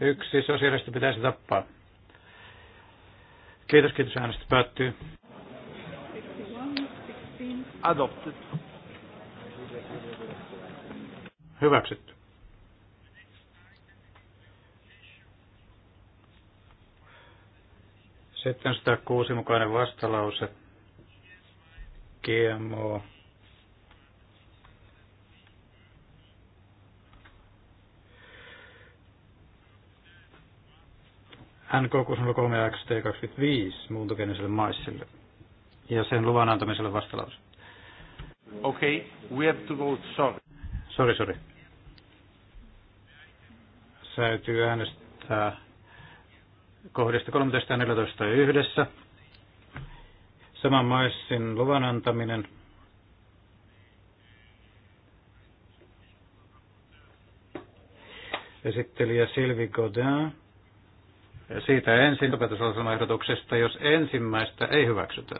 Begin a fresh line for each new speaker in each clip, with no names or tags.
Yksi sosiaalista pitäisi tappaa. Kiitos, kiitos. äänestä. päättyy. Adopted. Hyväksytty. Sitten kuusi mukainen vastalause. GMO. NK63XT25 muuntogeeniselle maissille ja sen luvan antamiselle vastalaus. Okay, we have to vote, sorry. Sorry, sorry. Säytyy äänestää kohdista 13 ja 14 yhdessä. Saman maissin luvan antaminen. Esittelijä Silvi Godin. Siitä ensin opetusohjelmaehdotuksesta, jos ensimmäistä ei hyväksytä.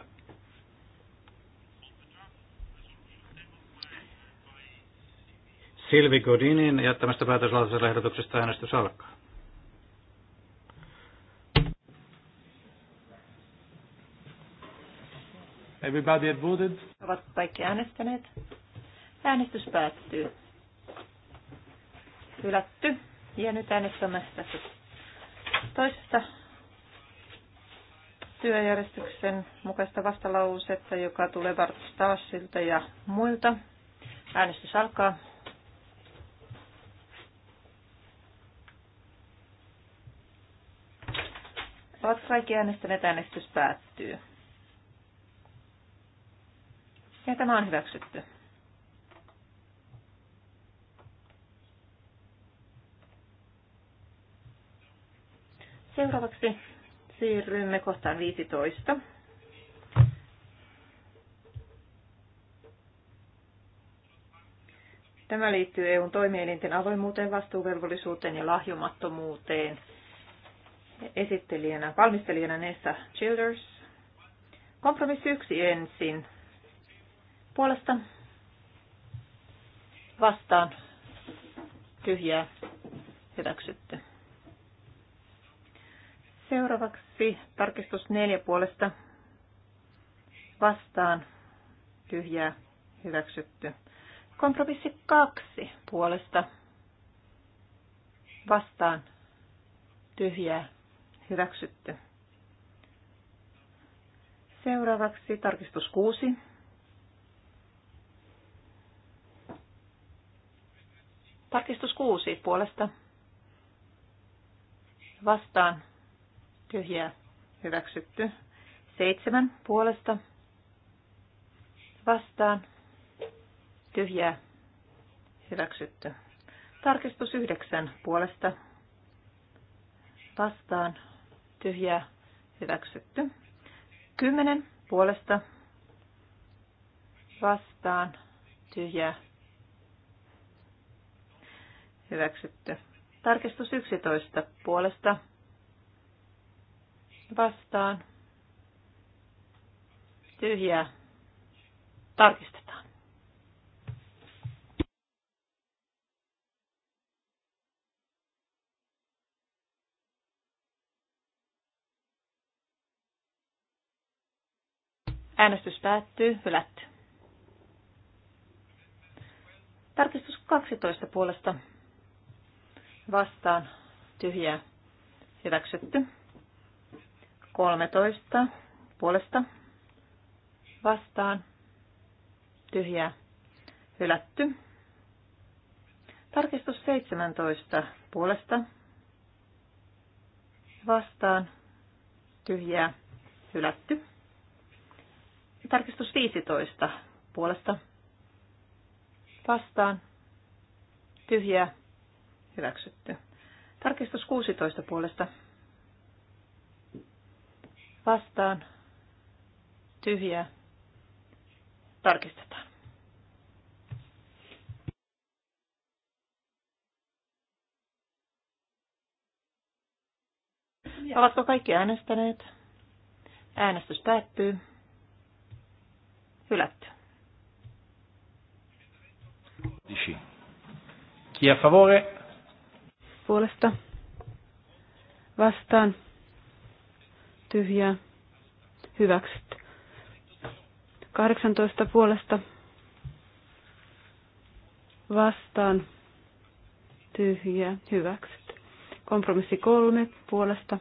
Silvi Godinin jättämästä ehdotuksesta äänestys alkaa. Everybody had voted.
Ovat kaikki äänestäneet. Äänestys päättyy. Hylätty. Ja nyt äänestämme tässä toisesta työjärjestyksen mukaista vastalausetta, joka tulee Bartostaassilta ja muilta. Äänestys alkaa. Ovat kaikki äänestäneet, äänestys päättyy. Ja tämä on hyväksytty. Seuraavaksi siirrymme kohtaan 15. Tämä liittyy EUn toimielinten avoimuuteen, vastuuvelvollisuuteen ja lahjomattomuuteen. Esittelijänä, valmistelijana Nessa Childers. Kompromissi yksi ensin. Puolesta vastaan tyhjää hyväksytty. Seuraavaksi tarkistus neljä puolesta vastaan tyhjää hyväksytty. Kompromissi kaksi puolesta vastaan tyhjää hyväksytty. Seuraavaksi tarkistus kuusi Tarkistus kuusi puolesta vastaan tyhjää hyväksytty. Seitsemän puolesta vastaan tyhjää hyväksytty. Tarkistus yhdeksän puolesta vastaan tyhjää hyväksytty. Kymmenen puolesta vastaan tyhjää hyväksytty. Tarkistus 11 puolesta vastaan tyhjää tarkistetaan. Äänestys päättyy, hylätty. Tarkistus 12 puolesta vastaan tyhjää hyväksytty. 13 puolesta vastaan Tyhjä hylätty. Tarkistus 17 puolesta vastaan tyhjää hylätty. Tarkistus 15 puolesta vastaan tyhjää hyväksytty. Tarkistus 16 puolesta vastaan tyhjää tarkistetaan. Ovatko kaikki äänestäneet? Äänestys päättyy. Hylätty.
Chi a favore? Puolesta. Vastaan tyhjää hyväksyt. 18 puolesta vastaan tyhjä hyväksyt Kompromissi kolme puolesta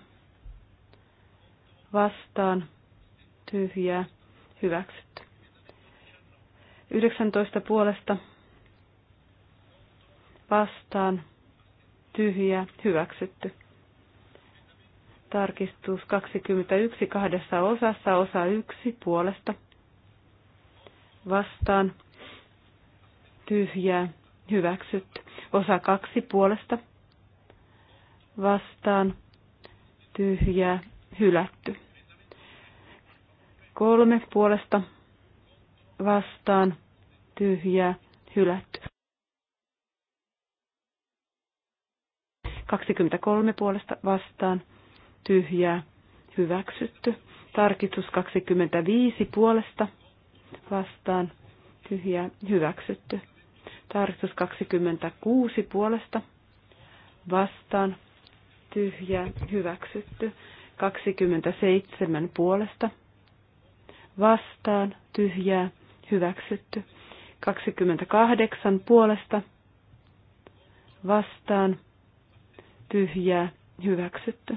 vastaan tyhjä hyväksyt 19 puolesta vastaan tyhjä hyväksytty. Tarkistus 21 kahdessa osassa, osa 1 puolesta. Vastaan. Tyhjää. hyväksyt Osa 2 puolesta. Vastaan. Tyhjää. Hylätty. Kolme puolesta. Vastaan. Tyhjää. Hylätty. 23 puolesta vastaan tyhjää, hyväksytty. Tarkistus 25 puolesta vastaan, tyhjää, hyväksytty. Tarkistus 26 puolesta vastaan, tyhjää, hyväksytty. 27 puolesta vastaan, tyhjää, hyväksytty. 28 puolesta vastaan, tyhjää, hyväksytty.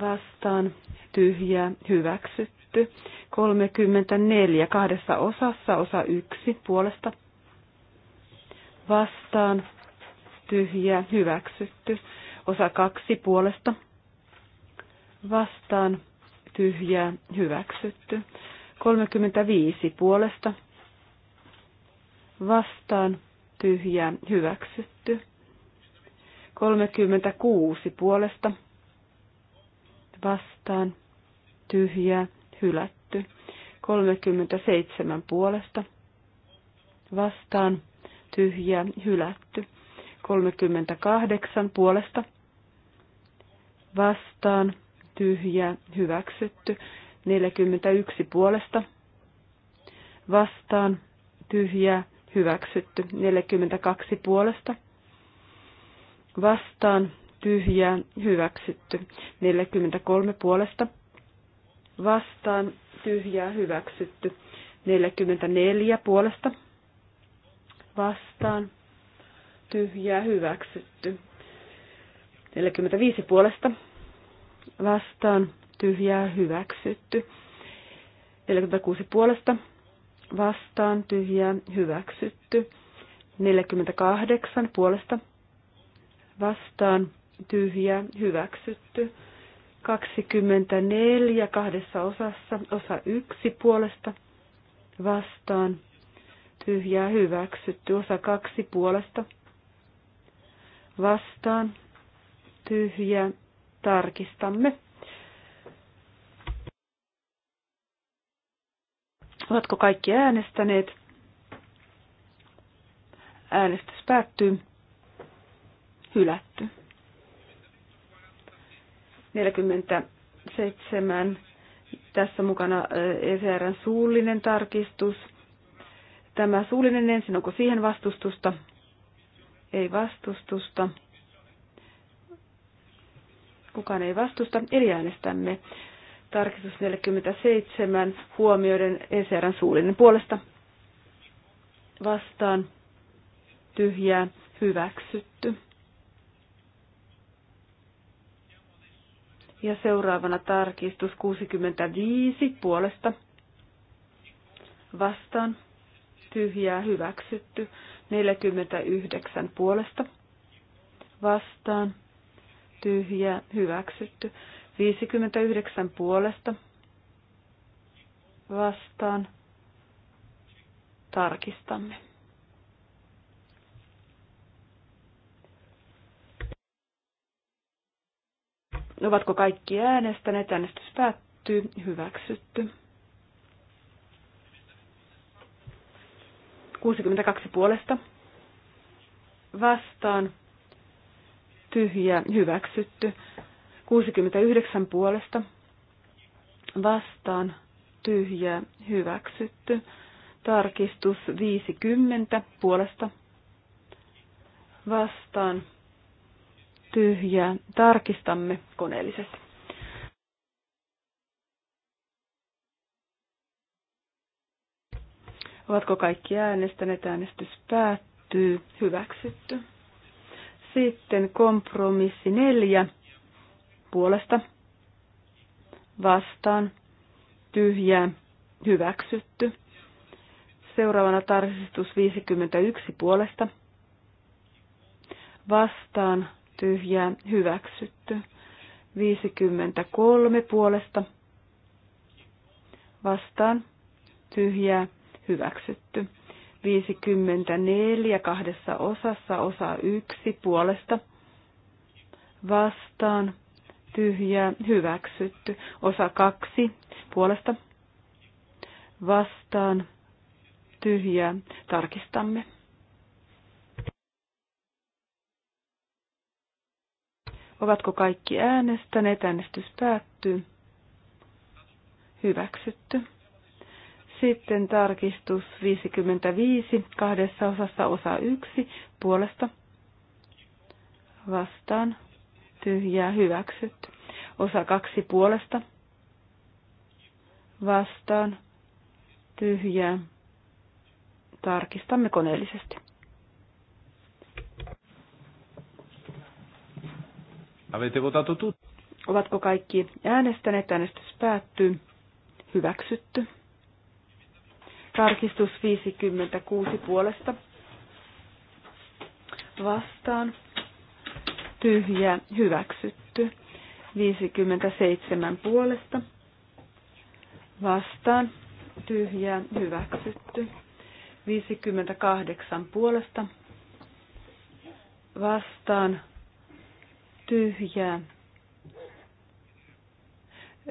vastaan tyhjä hyväksytty. 34 kahdessa osassa osa yksi puolesta vastaan tyhjä hyväksytty. Osa kaksi puolesta vastaan tyhjä hyväksytty. 35 puolesta vastaan tyhjä hyväksytty. 36 puolesta vastaan, tyhjää, hylätty. 37 puolesta vastaan, tyhjää, hylätty. 38 puolesta vastaan, tyhjää, hyväksytty. 41 puolesta vastaan, tyhjää, hyväksytty. 42 puolesta vastaan, tyhjää hyväksytty. 43 puolesta vastaan tyhjää hyväksytty. 44 puolesta vastaan tyhjää hyväksytty. 45 puolesta vastaan tyhjää hyväksytty. 46 puolesta vastaan tyhjää hyväksytty. 48 puolesta vastaan tyhjä, hyväksytty. 24 kahdessa osassa, osa yksi puolesta vastaan, tyhjää hyväksytty, osa kaksi puolesta vastaan, tyhjä, tarkistamme. Ovatko kaikki äänestäneet? Äänestys päättyy. Hylätty. 47. Tässä mukana ECRn suullinen tarkistus. Tämä suullinen ensin, onko siihen vastustusta? Ei vastustusta. Kukaan ei vastusta, eli äänestämme. Tarkistus 47, huomioiden ECRn suullinen puolesta. Vastaan, tyhjää, hyväksytty. Ja seuraavana tarkistus 65 puolesta vastaan tyhjää hyväksytty 49 puolesta vastaan tyhjää hyväksytty 59 puolesta vastaan tarkistamme. Ovatko kaikki äänestäneet? Äänestys päättyy. Hyväksytty. 62 puolesta. Vastaan. Tyhjä. Hyväksytty. 69 puolesta. Vastaan. Tyhjä. Hyväksytty. Tarkistus 50 puolesta. Vastaan tyhjää. Tarkistamme koneellisesti. Ovatko kaikki äänestäneet? Äänestys päättyy. Hyväksytty. Sitten kompromissi neljä puolesta vastaan tyhjää hyväksytty. Seuraavana tarkistus 51 puolesta vastaan tyhjää hyväksytty. 53 puolesta vastaan tyhjää hyväksytty. 54 kahdessa osassa osa yksi puolesta vastaan tyhjää hyväksytty. Osa kaksi puolesta vastaan tyhjää tarkistamme. Ovatko kaikki äänestäneet? Äänestys päättyy. Hyväksytty. Sitten tarkistus 55, kahdessa osassa osa 1, puolesta vastaan, tyhjää hyväksytty. Osa 2 puolesta vastaan, tyhjää. Tarkistamme koneellisesti.
Avete votato
tutti? Ovatko kaikki äänestäneet? Äänestys päättyy. Hyväksytty. Tarkistus 56 puolesta. Vastaan. Tyhjä. Hyväksytty. 57 puolesta. Vastaan. Tyhjä. Hyväksytty. 58 puolesta. Vastaan tyhjää.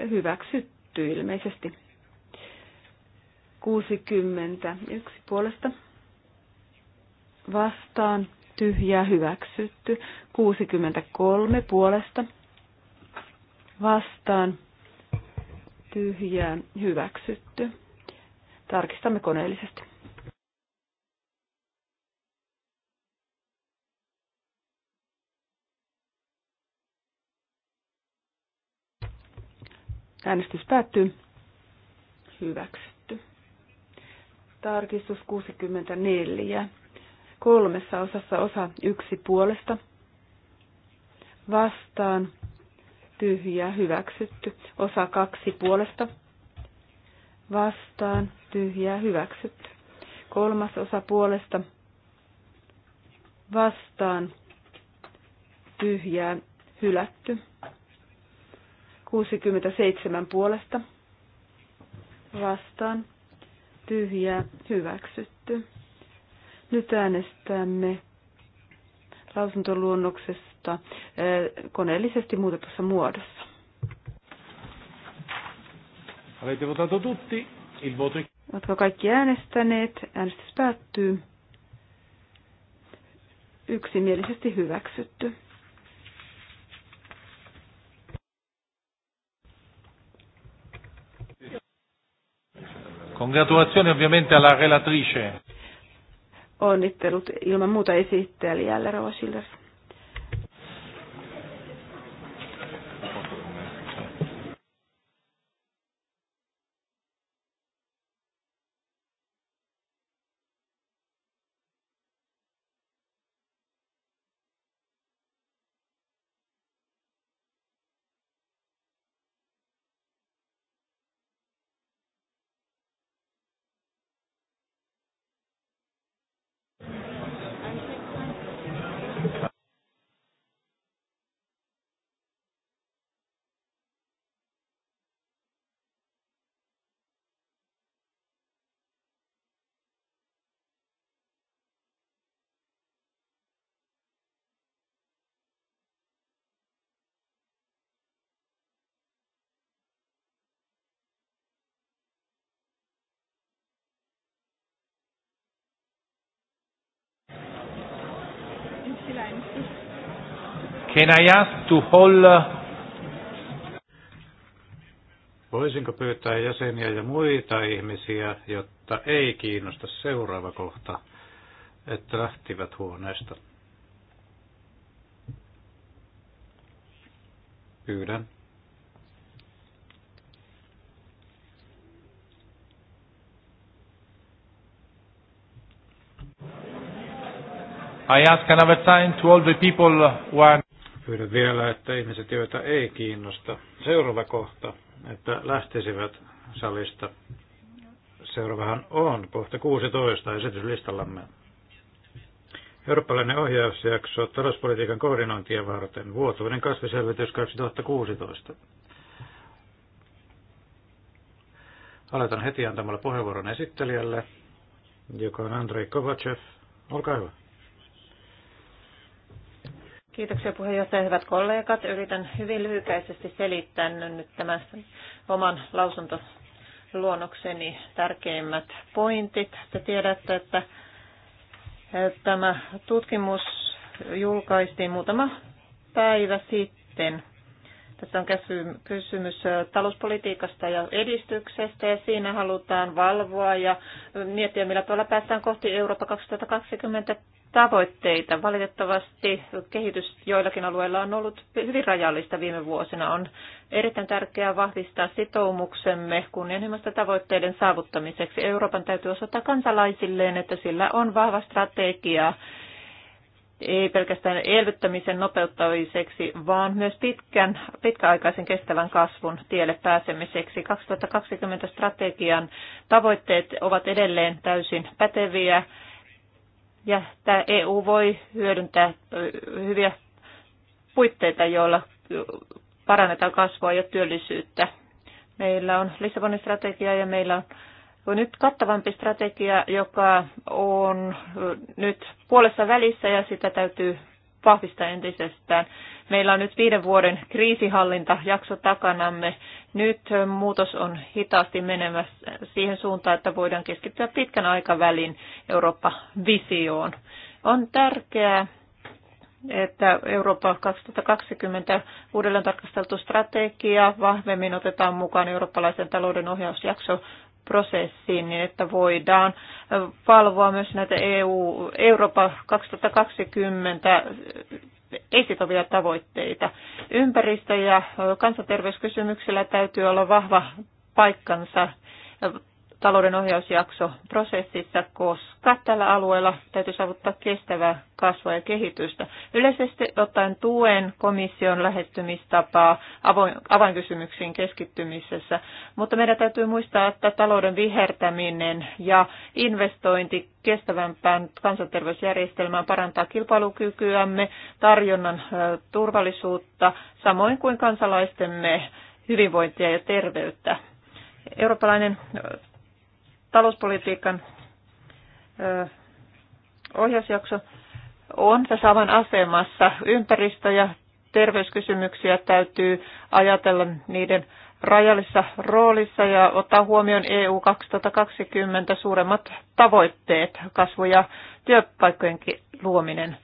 Hyväksytty ilmeisesti. 61 puolesta vastaan tyhjää hyväksytty. 63 puolesta vastaan tyhjää hyväksytty. Tarkistamme koneellisesti. Äänestys päättyy. Hyväksytty. Tarkistus 64. Kolmessa osassa osa yksi puolesta. Vastaan. Tyhjä. Hyväksytty. Osa kaksi puolesta. Vastaan. Tyhjä. Hyväksytty. Kolmas osa puolesta. Vastaan. Tyhjää. Hylätty 67 puolesta vastaan tyhjä hyväksytty. Nyt äänestämme lausuntoluonnoksesta eh, koneellisesti muutetussa muodossa.
Avete votato tutti, il voto
Oletko kaikki äänestäneet? Äänestys päättyy. Yksimielisesti hyväksytty.
Congratulazioni ovviamente alla relatrice.
Onnittelut ilman muuta esittelijälle, Rova Schiller.
Can I ask to hold... Uh, Voisinko pyytää jäseniä ja muita ihmisiä, jotta ei kiinnosta seuraava kohta, että lähtivät huoneesta? Pyydän. I ask another time to all the people who are Pyydän vielä, että ihmiset, joita ei kiinnosta, seuraava kohta, että lähtisivät salista. Seuraavahan on kohta 16 esityslistallamme. Eurooppalainen ohjausjakso talouspolitiikan koordinointia varten vuotuinen kasviselvitys 2016. Aloitan heti antamalla puheenvuoron esittelijälle, joka on Andrei Kovacev. Olkaa hyvä.
Kiitoksia puheenjohtaja, hyvät kollegat. Yritän hyvin lyhykäisesti selittää nyt tämän oman lausuntoluonnokseni tärkeimmät pointit. Te tiedätte, että tämä tutkimus julkaistiin muutama päivä sitten. Tässä on kysymys talouspolitiikasta ja edistyksestä ja siinä halutaan valvoa ja miettiä, millä tavalla päästään kohti Eurooppa 2020 tavoitteita. Valitettavasti kehitys joillakin alueilla on ollut hyvin rajallista viime vuosina. On erittäin tärkeää vahvistaa sitoumuksemme kunnianhimoista tavoitteiden saavuttamiseksi. Euroopan täytyy osoittaa kansalaisilleen, että sillä on vahva strategia ei pelkästään elvyttämisen nopeuttamiseksi, vaan myös pitkän, pitkäaikaisen kestävän kasvun tielle pääsemiseksi. 2020 strategian tavoitteet ovat edelleen täysin päteviä ja tämä EU voi hyödyntää hyviä puitteita, joilla parannetaan kasvua ja työllisyyttä. Meillä on Lissabonin strategia ja meillä on nyt kattavampi strategia, joka on nyt puolessa välissä ja sitä täytyy vahvistaa entisestään. Meillä on nyt viiden vuoden kriisihallintajakso takanamme nyt muutos on hitaasti menemässä siihen suuntaan, että voidaan keskittyä pitkän aikavälin Eurooppa-visioon. On tärkeää, että Eurooppa 2020 uudelleen tarkasteltu strategia vahvemmin otetaan mukaan eurooppalaisen talouden ohjausjakso prosessiin, niin että voidaan valvoa myös näitä EU, Eurooppa 2020 ei-sitovia tavoitteita. Ympäristö- ja kansanterveyskysymyksillä täytyy olla vahva paikkansa talouden ohjausjakso prosessissa, koska tällä alueella täytyy saavuttaa kestävää kasvua ja kehitystä. Yleisesti ottaen tuen komission lähestymistapaa avainkysymyksiin keskittymisessä, mutta meidän täytyy muistaa, että talouden vihertäminen ja investointi kestävämpään kansanterveysjärjestelmään parantaa kilpailukykyämme, tarjonnan turvallisuutta, samoin kuin kansalaistemme hyvinvointia ja terveyttä eurooppalainen talouspolitiikan ohjausjakso on tässä asemassa. Ympäristö- ja terveyskysymyksiä täytyy ajatella niiden rajallisessa roolissa ja ottaa huomioon EU 2020 suuremmat tavoitteet, kasvu- ja työpaikkojenkin luominen.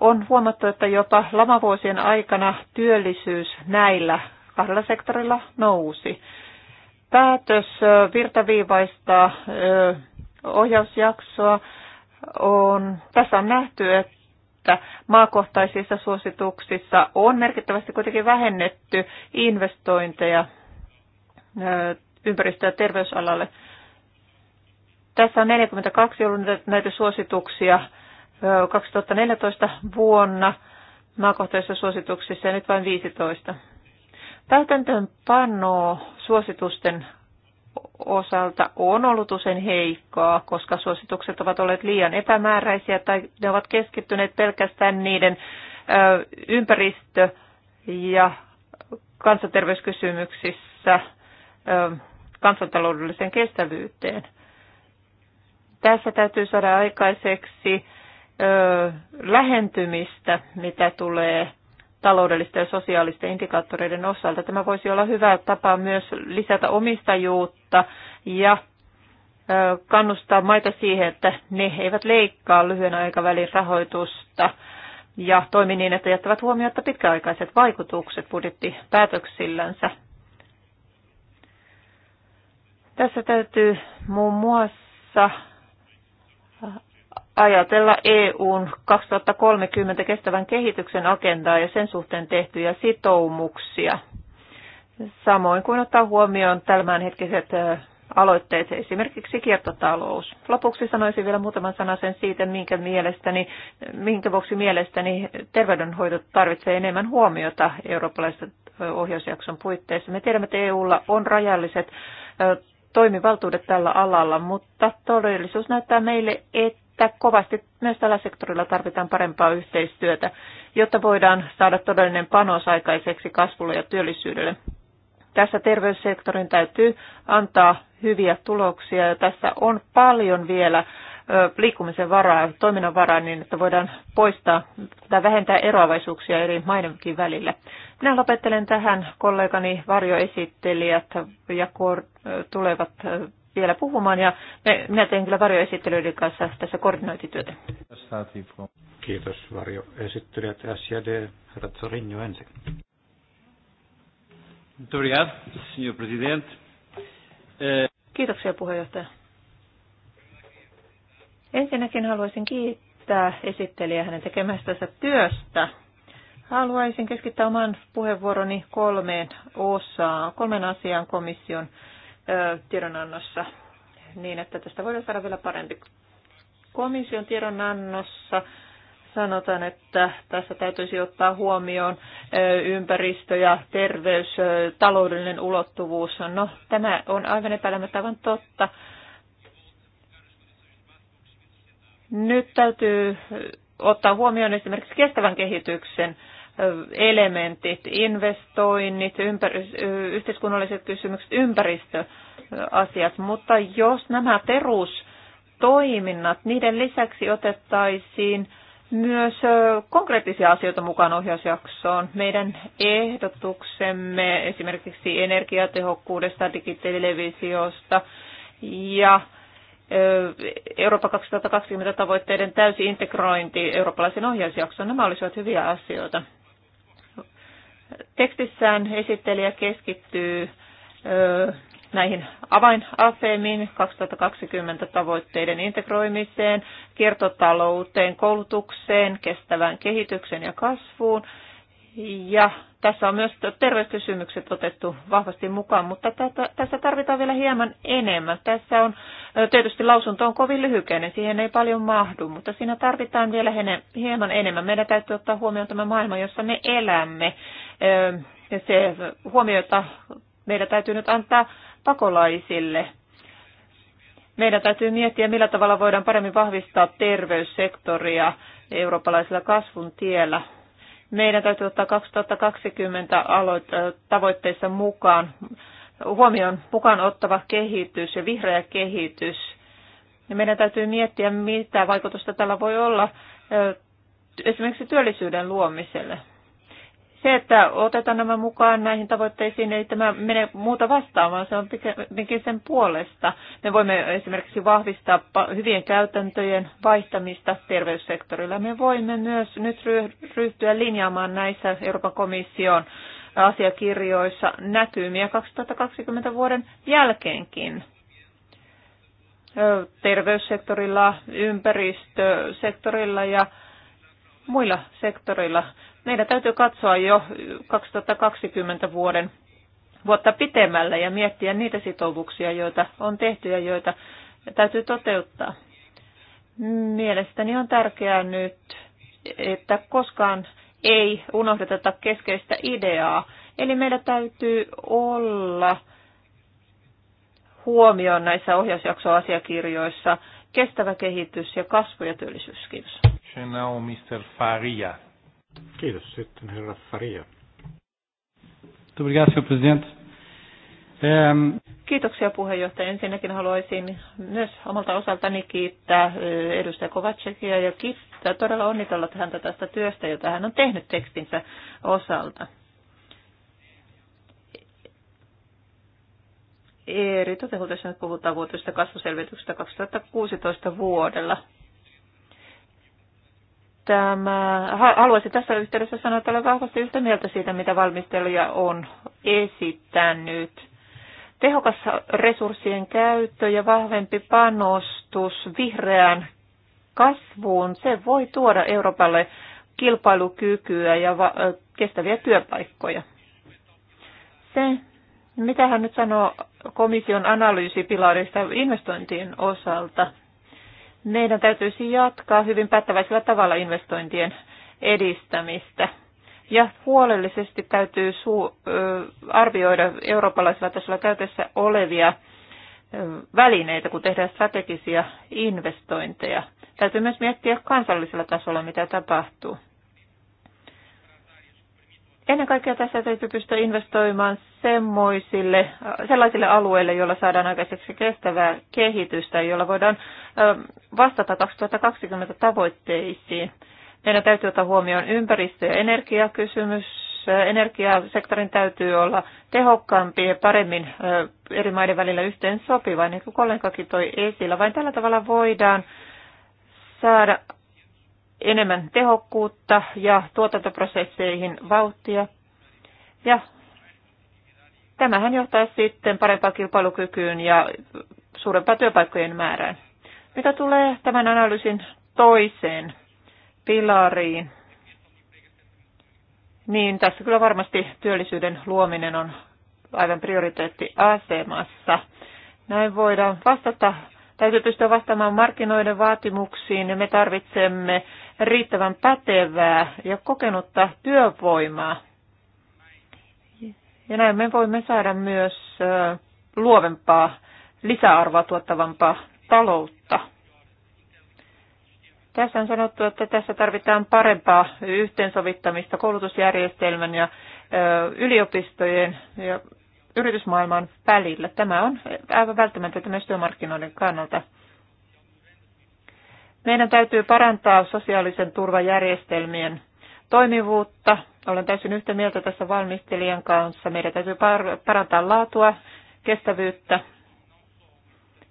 On huomattu, että jopa lamavuosien aikana työllisyys näillä kahdella sektorilla nousi. Päätös virtaviivaista ohjausjaksoa on, tässä on nähty, että että maakohtaisissa suosituksissa on merkittävästi kuitenkin vähennetty investointeja ympäristö- ja terveysalalle. Tässä on 42 ollut näitä suosituksia 2014 vuonna maakohtaisissa suosituksissa ja nyt vain 15. Täytäntöönpano suositusten osalta on ollut usein heikkoa, koska suositukset ovat olleet liian epämääräisiä tai ne ovat keskittyneet pelkästään niiden ympäristö- ja kansanterveyskysymyksissä kansantaloudelliseen kestävyyteen. Tässä täytyy saada aikaiseksi lähentymistä, mitä tulee taloudellisten ja sosiaalisten indikaattoreiden osalta. Tämä voisi olla hyvä tapa myös lisätä omistajuutta ja kannustaa maita siihen, että ne eivät leikkaa lyhyen aikavälin rahoitusta ja toimi niin, että jättävät huomiota pitkäaikaiset vaikutukset budjettipäätöksillänsä. Tässä täytyy muun muassa ajatella EUn 2030 kestävän kehityksen agendaa ja sen suhteen tehtyjä sitoumuksia. Samoin kuin ottaa huomioon tämänhetkiset aloitteet, esimerkiksi kiertotalous. Lopuksi sanoisin vielä muutaman sanan sen siitä, minkä, mielestäni, minkä vuoksi mielestäni terveydenhoito tarvitsee enemmän huomiota eurooppalaisessa ohjausjakson puitteissa. Me tiedämme, että EUlla on rajalliset toimivaltuudet tällä alalla, mutta todellisuus näyttää meille, että että kovasti myös tällä sektorilla tarvitaan parempaa yhteistyötä, jotta voidaan saada todellinen panos aikaiseksi kasvulle ja työllisyydelle. Tässä terveyssektorin täytyy antaa hyviä tuloksia ja tässä on paljon vielä liikkumisen varaa, toiminnan varaa niin, että voidaan poistaa tai vähentää eroavaisuuksia eri maidenkin välillä. Minä lopettelen tähän kollegani varjoesittelijät ja tulevat vielä puhumaan ja minä teen kyllä varjoesittelyiden kanssa tässä koordinointityötä.
Kiitos varjoesittelijät SJD, herra Zorinjo ensin. Eh,
Kiitoksia puheenjohtaja. Ensinnäkin haluaisin kiittää esittelijää hänen tekemästänsä työstä. Haluaisin keskittää oman puheenvuoroni kolmeen osaan, kolmen asian komission tiedonannossa niin, että tästä voidaan saada vielä parempi. Komission tiedonannossa sanotaan, että tässä täytyisi ottaa huomioon ympäristö ja terveys, taloudellinen ulottuvuus. No, tämä on aivan epäilemättä aivan totta. Nyt täytyy ottaa huomioon esimerkiksi kestävän kehityksen elementit, investoinnit, ympär- yhteiskunnalliset kysymykset, ympäristöasiat, mutta jos nämä perustoiminnat, niiden lisäksi otettaisiin myös konkreettisia asioita mukaan ohjausjaksoon. Meidän ehdotuksemme esimerkiksi energiatehokkuudesta, digitelevisiosta ja Eurooppa 2020 tavoitteiden täysi integrointi eurooppalaisen ohjausjaksoon, nämä olisivat hyviä asioita. Tekstissään esittelijä keskittyy näihin avainasemiin, 2020 tavoitteiden integroimiseen, kiertotalouteen, koulutukseen, kestävään kehitykseen ja kasvuun ja tässä on myös terveyskysymykset otettu vahvasti mukaan, mutta tätä, tässä tarvitaan vielä hieman enemmän. Tässä on, tietysti lausunto on kovin lyhykäinen, siihen ei paljon mahdu, mutta siinä tarvitaan vielä hieman enemmän. Meidän täytyy ottaa huomioon tämä maailma, jossa me elämme. Ja se huomiota meidän täytyy nyt antaa pakolaisille. Meidän täytyy miettiä, millä tavalla voidaan paremmin vahvistaa terveyssektoria eurooppalaisella kasvun tiellä meidän täytyy ottaa 2020 aloit- tavoitteissa mukaan huomioon mukaan ottava kehitys ja vihreä kehitys. Ja meidän täytyy miettiä, mitä vaikutusta tällä voi olla esimerkiksi työllisyyden luomiselle. Se, että otetaan nämä mukaan näihin tavoitteisiin, ei tämä mene muuta vastaan, vaan se on pikemminkin sen puolesta. Me voimme esimerkiksi vahvistaa hyvien käytäntöjen vaihtamista terveyssektorilla. Me voimme myös nyt ryhtyä linjaamaan näissä Euroopan komission asiakirjoissa näkymiä 2020 vuoden jälkeenkin terveyssektorilla, ympäristösektorilla ja muilla sektorilla meidän täytyy katsoa jo 2020 vuoden vuotta pitemmälle ja miettiä niitä sitoumuksia, joita on tehty ja joita täytyy toteuttaa. Mielestäni on tärkeää nyt, että koskaan ei unohdeta keskeistä ideaa. Eli meillä täytyy olla huomioon näissä ohjausjaksoasiakirjoissa kestävä kehitys ja kasvu ja työllisyys. Kiitos.
Mr. Faria. Kiitos. Sitten herra Faria. Obrigado, president. Ehm,
Kiitoksia puheenjohtaja. Ensinnäkin haluaisin myös omalta osaltani kiittää eh, edustaja Kovacekia ja kiittää todella onnitella häntä tästä työstä, jota hän on tehnyt tekstinsä osalta. Eri toteutus nyt puhutaan vuotuista kasvuselvityksestä 2016 vuodella mä haluaisin tässä yhteydessä sanoa, että olen vahvasti yhtä mieltä siitä, mitä valmistelija on esittänyt. Tehokas resurssien käyttö ja vahvempi panostus vihreään kasvuun, se voi tuoda Euroopalle kilpailukykyä ja kestäviä työpaikkoja. Se, mitä hän nyt sanoo komission analyysipilarista investointien osalta, meidän täytyisi jatkaa hyvin päättäväisellä tavalla investointien edistämistä. Ja huolellisesti täytyy su- arvioida eurooppalaisella tasolla käytössä olevia välineitä, kun tehdään strategisia investointeja. Täytyy myös miettiä kansallisella tasolla, mitä tapahtuu. Ennen kaikkea tässä täytyy pystyä investoimaan semmoisille, sellaisille alueille, joilla saadaan aikaiseksi kestävää kehitystä, jolla voidaan vastata 2020 tavoitteisiin. Meidän täytyy ottaa huomioon ympäristö- ja energiakysymys. Energiasektorin täytyy olla tehokkaampi ja paremmin eri maiden välillä yhteen sopiva, niin kuin kollegakin toi esillä. Vain tällä tavalla voidaan saada enemmän tehokkuutta ja tuotantoprosesseihin vauhtia ja Tämähän johtaa sitten parempaan kilpailukykyyn ja suurempaan työpaikkojen määrään. Mitä tulee tämän analyysin toiseen pilariin, niin tässä kyllä varmasti työllisyyden luominen on aivan prioriteettiasemassa. Näin voidaan vastata, täytyy pystyä vastaamaan markkinoiden vaatimuksiin ja me tarvitsemme riittävän pätevää ja kokenutta työvoimaa ja näin me voimme saada myös luovempaa, lisäarvoa tuottavampaa taloutta. Tässä on sanottu, että tässä tarvitaan parempaa yhteensovittamista koulutusjärjestelmän ja yliopistojen ja yritysmaailman välillä. Tämä on aivan välttämätöntä myös työmarkkinoiden kannalta. Meidän täytyy parantaa sosiaalisen turvajärjestelmien toimivuutta olen täysin yhtä mieltä tässä valmistelijan kanssa. Meidän täytyy parantaa laatua, kestävyyttä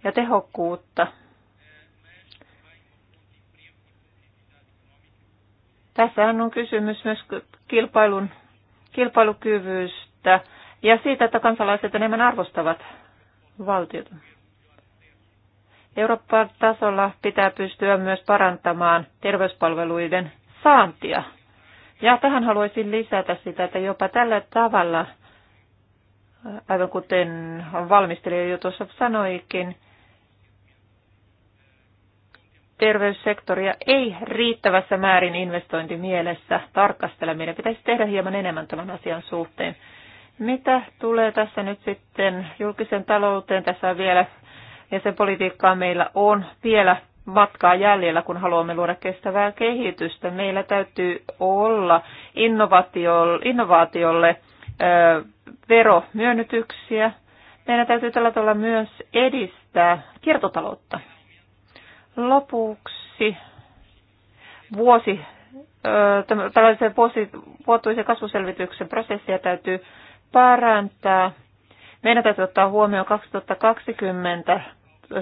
ja tehokkuutta. Tässähän on kysymys myös kilpailun, kilpailukyvystä ja siitä, että kansalaiset enemmän arvostavat valtiota. Euroopan tasolla pitää pystyä myös parantamaan terveyspalveluiden saantia ja tähän haluaisin lisätä sitä, että jopa tällä tavalla, aivan kuten valmistelija jo tuossa sanoikin, terveyssektoria ei riittävässä määrin investointimielessä tarkastella. Meidän pitäisi tehdä hieman enemmän tämän asian suhteen. Mitä tulee tässä nyt sitten julkisen talouteen? Tässä on vielä ja sen politiikkaa meillä on vielä matkaa jäljellä, kun haluamme luoda kestävää kehitystä. Meillä täytyy olla innovaatiolle veromyönnytyksiä. Meidän täytyy tällä tavalla myös edistää kiertotaloutta. Lopuksi vuosi, tällaisen vuosi, vuotuisen kasvuselvityksen prosessia täytyy parantaa. Meidän täytyy ottaa huomioon 2020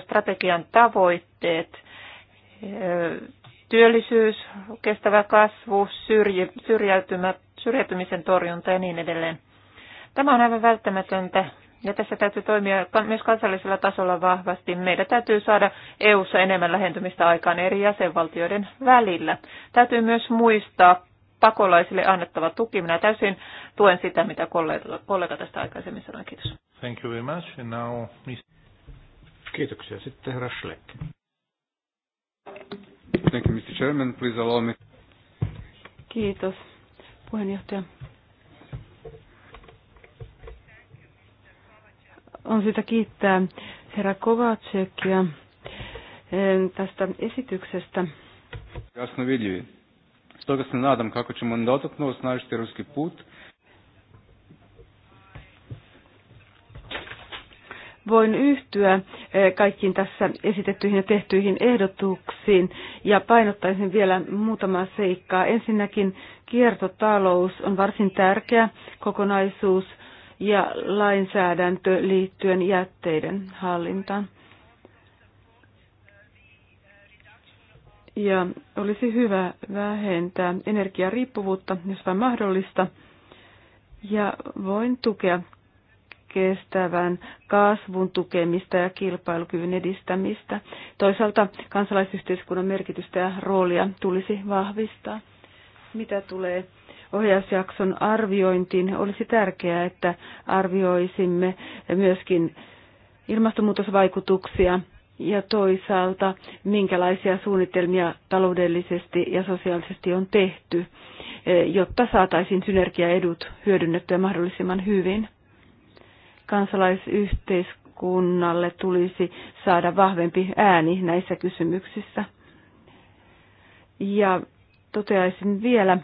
strategian tavoitteet, työllisyys, kestävä kasvu, syrjäytymisen torjunta ja niin edelleen. Tämä on aivan välttämätöntä ja tässä täytyy toimia myös kansallisella tasolla vahvasti. Meidän täytyy saada EU-ssa enemmän lähentymistä aikaan eri jäsenvaltioiden välillä. Täytyy myös muistaa pakolaisille annettava tuki. Minä täysin tuen sitä, mitä kollega, kollega tästä aikaisemmin sanoi. Kiitos.
Thank you very much. And now, Mr. Kiitoksia. Sitten herra Schleck. Thank you, Mr. Chairman. Please allow me.
Kiitos, puheenjohtaja. On sitä kiittää herra Kovacekia eh, tästä esityksestä.
Jasno vidljivi. Stoga se nadam kako ćemo dodatno osnažiti ruski put –
voin yhtyä eh, kaikkiin tässä esitettyihin ja tehtyihin ehdotuksiin ja painottaisin vielä muutamaa seikkaa. Ensinnäkin kiertotalous on varsin tärkeä kokonaisuus ja lainsäädäntö liittyen jätteiden hallintaan. Ja olisi hyvä vähentää energiariippuvuutta, jos vain mahdollista. Ja voin tukea kestävän kasvun tukemista ja kilpailukyvyn edistämistä. Toisaalta kansalaisyhteiskunnan merkitystä ja roolia tulisi vahvistaa. Mitä tulee ohjausjakson arviointiin, olisi tärkeää, että arvioisimme myöskin ilmastonmuutosvaikutuksia ja toisaalta minkälaisia suunnitelmia taloudellisesti ja sosiaalisesti on tehty, jotta saataisiin synergiaedut hyödynnettyä mahdollisimman hyvin kansalaisyhteiskunnalle tulisi saada vahvempi ääni näissä kysymyksissä. Ja toteaisin vielä,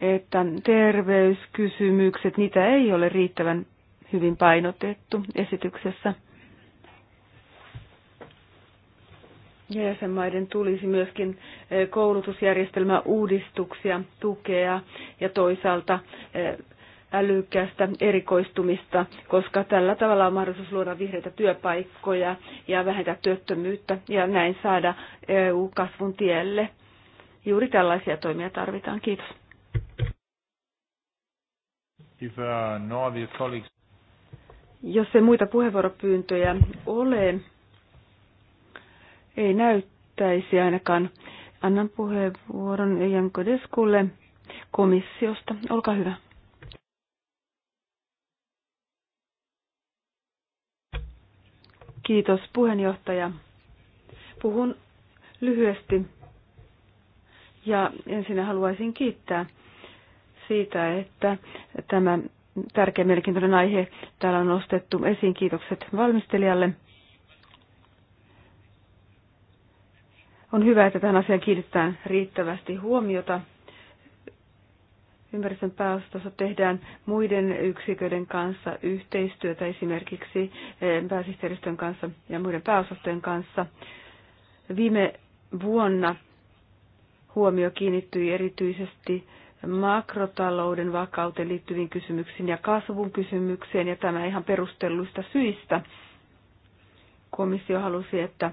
että terveyskysymykset, niitä ei ole riittävän hyvin painotettu esityksessä. Ja jäsenmaiden tulisi myöskin eh, koulutusjärjestelmäuudistuksia uudistuksia tukea ja toisaalta eh, älykkäästä erikoistumista, koska tällä tavalla on mahdollisuus luoda vihreitä työpaikkoja ja vähentää työttömyyttä ja näin saada EU kasvun tielle. Juuri tällaisia toimia tarvitaan. Kiitos.
Uh, no
Jos ei muita puheenvuoropyyntöjä ole, ei näyttäisi ainakaan. Annan puheenvuoron Janko Deskulle komissiosta. Olkaa hyvä. Kiitos puheenjohtaja. Puhun lyhyesti ja ensin haluaisin kiittää siitä, että tämä tärkeä mielenkiintoinen aihe täällä on nostettu esiin. Kiitokset valmistelijalle. On hyvä, että tähän asiaan kiinnitetään riittävästi huomiota. Ympäristön pääosastossa tehdään muiden yksiköiden kanssa yhteistyötä esimerkiksi eh, pääsihteeristön kanssa ja muiden pääosastojen kanssa. Viime vuonna huomio kiinnittyi erityisesti makrotalouden vakauteen liittyviin kysymyksiin ja kasvun kysymykseen, ja tämä ihan perustelluista syistä. Komissio halusi, että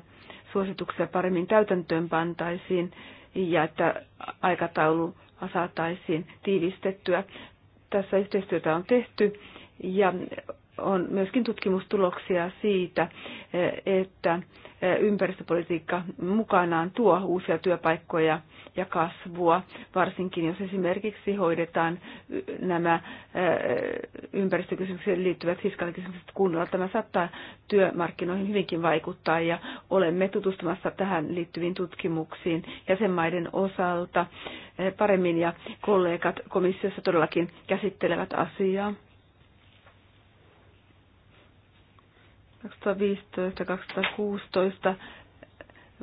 suosituksia paremmin täytäntöön pantaisiin ja että aikataulu saataisiin tiivistettyä. Tässä yhteistyötä on tehty ja on myöskin tutkimustuloksia siitä, että ympäristöpolitiikka mukanaan tuo uusia työpaikkoja ja kasvua, varsinkin jos esimerkiksi hoidetaan nämä ympäristökysymykseen liittyvät fiskaalikysymykset kunnolla. Tämä saattaa työmarkkinoihin hyvinkin vaikuttaa ja olemme tutustumassa tähän liittyviin tutkimuksiin jäsenmaiden osalta paremmin ja kollegat komissiossa todellakin käsittelevät asiaa. 2015-2016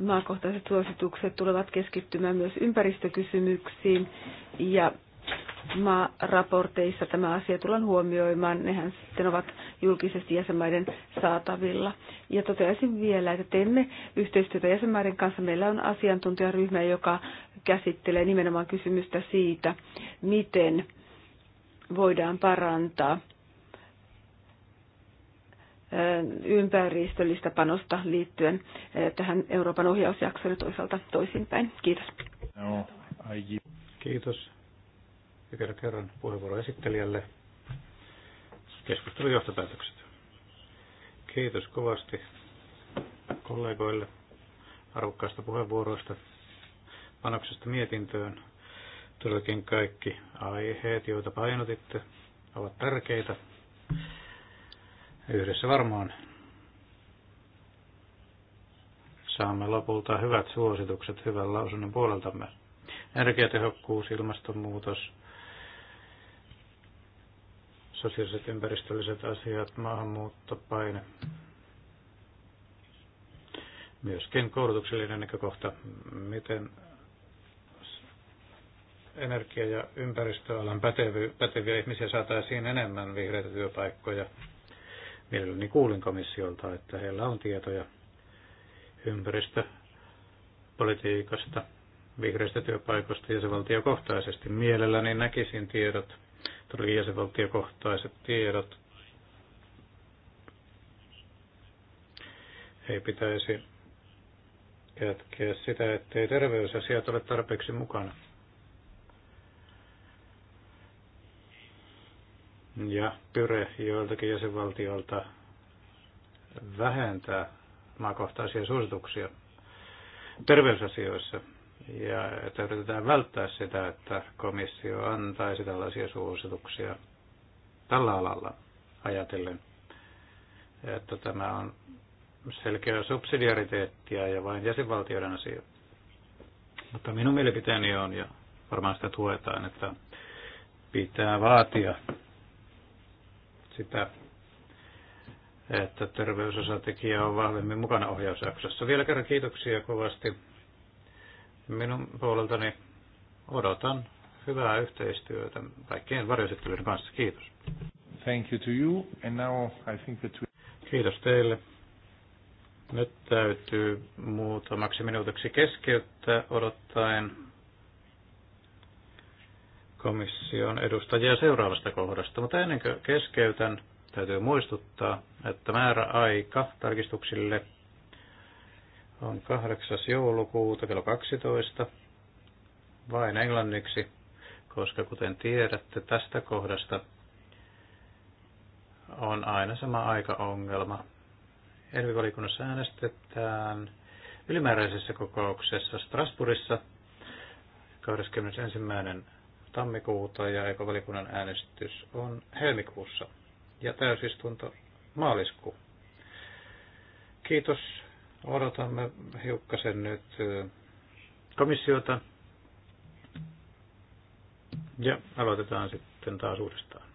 maakohtaiset suositukset tulevat keskittymään myös ympäristökysymyksiin ja maaraporteissa tämä asia tullaan huomioimaan. Nehän sitten ovat julkisesti jäsenmaiden saatavilla. Ja toteaisin vielä, että teemme yhteistyötä jäsenmaiden kanssa. Meillä on asiantuntijaryhmä, joka käsittelee nimenomaan kysymystä siitä, miten voidaan parantaa ympäristöllistä panosta liittyen tähän Euroopan ohjausjaksoon toisaalta toisinpäin. Kiitos.
No, kiitos. Ja vielä kerran puheenvuoro esittelijälle. Keskustelun johtopäätökset. Kiitos kovasti kollegoille arvokkaista puheenvuoroista, panoksesta mietintöön. Todellakin kaikki aiheet, joita painotitte, ovat tärkeitä. Yhdessä varmaan saamme lopulta hyvät suositukset hyvän lausunnon puoleltamme. Energiatehokkuus, ilmastonmuutos, sosiaaliset ympäristölliset asiat, maahanmuuttopaine. Myöskin koulutuksellinen näkökohta, miten energia- ja ympäristöalan päteviä ihmisiä saataisiin enemmän vihreitä työpaikkoja Mielelläni kuulin komissiolta, että heillä on tietoja ympäristöpolitiikasta, vihreistä työpaikoista jäsenvaltiokohtaisesti. Mielelläni näkisin tiedot, tuli jäsenvaltiokohtaiset tiedot. Ei pitäisi jatkea sitä, ettei terveysasiat ole tarpeeksi mukana. ja pyre joiltakin jäsenvaltiolta vähentää maakohtaisia suosituksia terveysasioissa ja että yritetään välttää sitä, että komissio antaisi tällaisia suosituksia tällä alalla ajatellen, että tämä on selkeä subsidiariteettia ja vain jäsenvaltioiden asia. Mutta minun mielipiteeni on, ja varmaan sitä tuetaan, että pitää vaatia sitä, että terveysosatekijä on vahvemmin mukana ohjausjaksossa. Vielä kerran kiitoksia kovasti. Minun puoleltani odotan hyvää yhteistyötä kaikkien varjoesittelyiden kanssa. Kiitos. Thank you to you. And now I think that we... Kiitos teille. Nyt täytyy muutamaksi minuutiksi keskeyttää odottaen komission edustajia seuraavasta kohdasta, mutta ennen kuin keskeytän, täytyy muistuttaa, että määräaika tarkistuksille on 8. joulukuuta kello 12 vain englanniksi, koska kuten tiedätte, tästä kohdasta on aina sama aikaongelma. Elvivalikunnassa äänestetään ylimääräisessä kokouksessa Strasbourgissa 21 tammikuuta ja ekovalikunnan äänestys on helmikuussa ja täysistunto maaliskuu. Kiitos. Odotamme hiukkasen nyt komissiota ja aloitetaan sitten taas uudestaan.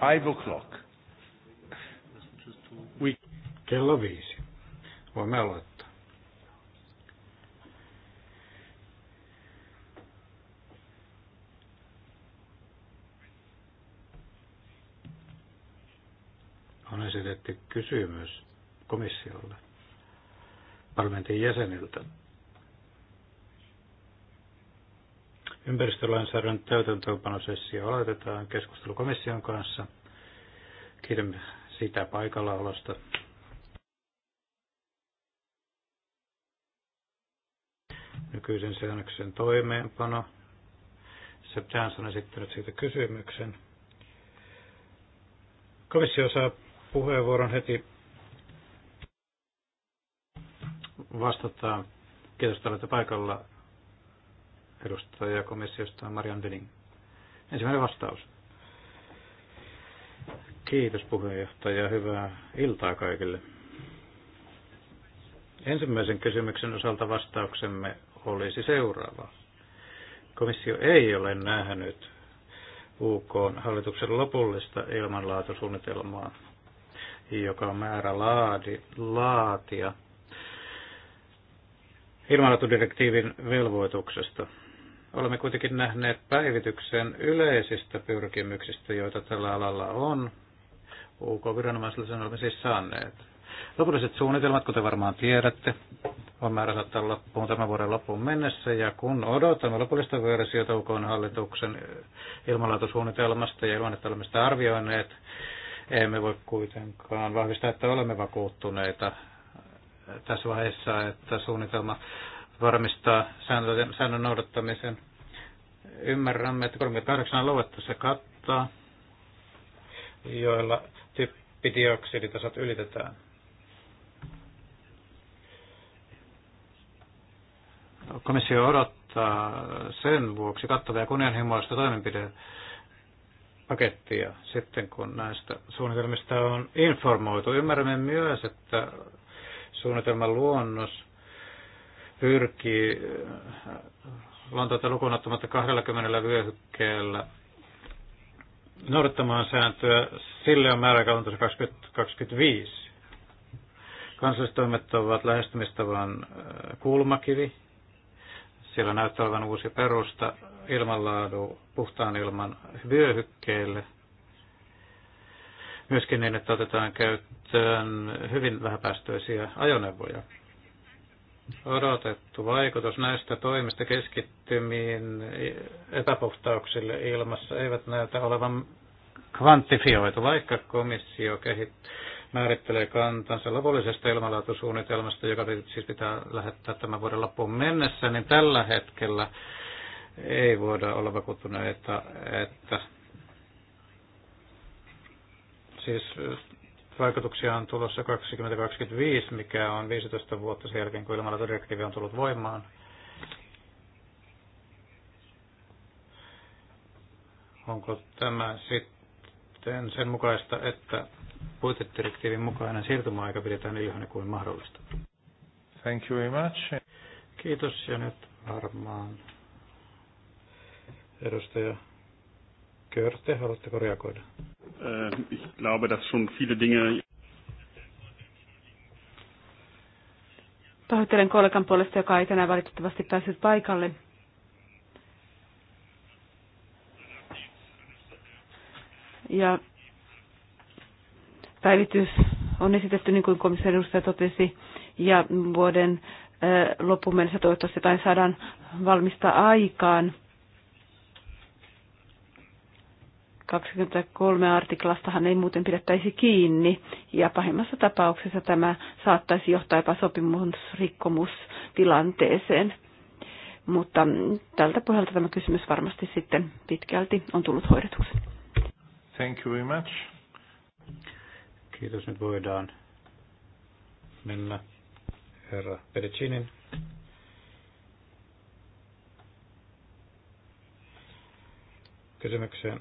Five o'clock. We... Kello viisi. Voimme aloittaa. On esitetty kysymys komissiolle parlamentin jäseniltä. Ympäristölainsäädännön täytäntöönpanosessio aloitetaan keskustelu kanssa. Kiitän sitä paikallaolosta. Nykyisen säännöksen toimeenpano. Sepp Jans on esittänyt siitä kysymyksen. Komissio saa puheenvuoron heti vastataan. Kiitos, että olette paikalla edustaja komissiosta Marian Deling. Ensimmäinen vastaus. Kiitos puheenjohtaja. Hyvää iltaa kaikille. Ensimmäisen kysymyksen osalta vastauksemme olisi seuraava. Komissio ei ole nähnyt UK hallituksen lopullista ilmanlaatusuunnitelmaa, joka on määrä laadi, laatia ilmanlaatudirektiivin velvoituksesta Olemme kuitenkin nähneet päivityksen yleisistä pyrkimyksistä, joita tällä alalla on. UK-viranomaisilla sen olemme siis saaneet. Lopulliset suunnitelmat, kuten varmaan tiedätte, on määrä saattaa loppuun tämän vuoden loppuun mennessä. Ja kun odotamme lopullista versiota UK hallituksen ilmanlaatusuunnitelmasta ja ilman, että olemme sitä arvioineet, emme voi kuitenkaan vahvistaa, että olemme vakuuttuneita tässä vaiheessa, että suunnitelma varmistaa säännön noudattamisen Ymmärrämme, että 38 aluetta se kattaa, joilla typpidioksiditasot ylitetään. Komissio odottaa sen vuoksi kattavia kunnianhimoista toimenpidepakettia sitten, kun näistä suunnitelmista on informoitu. Ymmärrämme myös, että suunnitelman luonnos pyrkii Lontoota lukunottamatta 20 vyöhykkeellä noudattamaan sääntöä. Sille on määräaika 2025. Kansallistoimet ovat lähestymistavan äh, kulmakivi. Siellä näyttää olevan uusi perusta ilmanlaadu puhtaan ilman vyöhykkeelle. Myöskin niin, että otetaan käyttöön hyvin vähäpäästöisiä ajoneuvoja odotettu vaikutus näistä toimista keskittymiin epäpuhtauksille ilmassa eivät näytä olevan kvantifioitu, vaikka komissio kehit, määrittelee kantansa lopullisesta ilmanlaatusuunnitelmasta, joka siis pitää lähettää tämän vuoden loppuun mennessä, niin tällä hetkellä ei voida olla vakuuttuneita, että siis Vaikutuksia on tulossa 2025, mikä on 15 vuotta sen jälkeen, kun ilmailudirektiivi on tullut voimaan. Onko tämä sitten sen mukaista, että puitedirektiivin mukainen siirtymäaika pidetään niin kuin mahdollista? Thank you very much. Kiitos ja nyt varmaan edustaja Körte, haluatteko reagoida? Äh, ich glaube, dass schon viele
Dinge Pahoittelen kollegan puolesta, joka ei tänään valitettavasti päässyt paikalle. Ja päivitys on esitetty, niin kuin komission edustaja totesi, ja vuoden äh, loppuun mennessä toivottavasti jotain saadaan valmista aikaan. 23 artiklastahan ei muuten pidettäisi kiinni, ja pahimmassa tapauksessa tämä saattaisi johtaa jopa sopimusrikkomustilanteeseen. Mutta tältä pohjalta tämä kysymys varmasti sitten pitkälti on tullut hoidetuksi.
Thank you very much. Kiitos. Nyt voidaan mennä herra Pedicinin kysymykseen.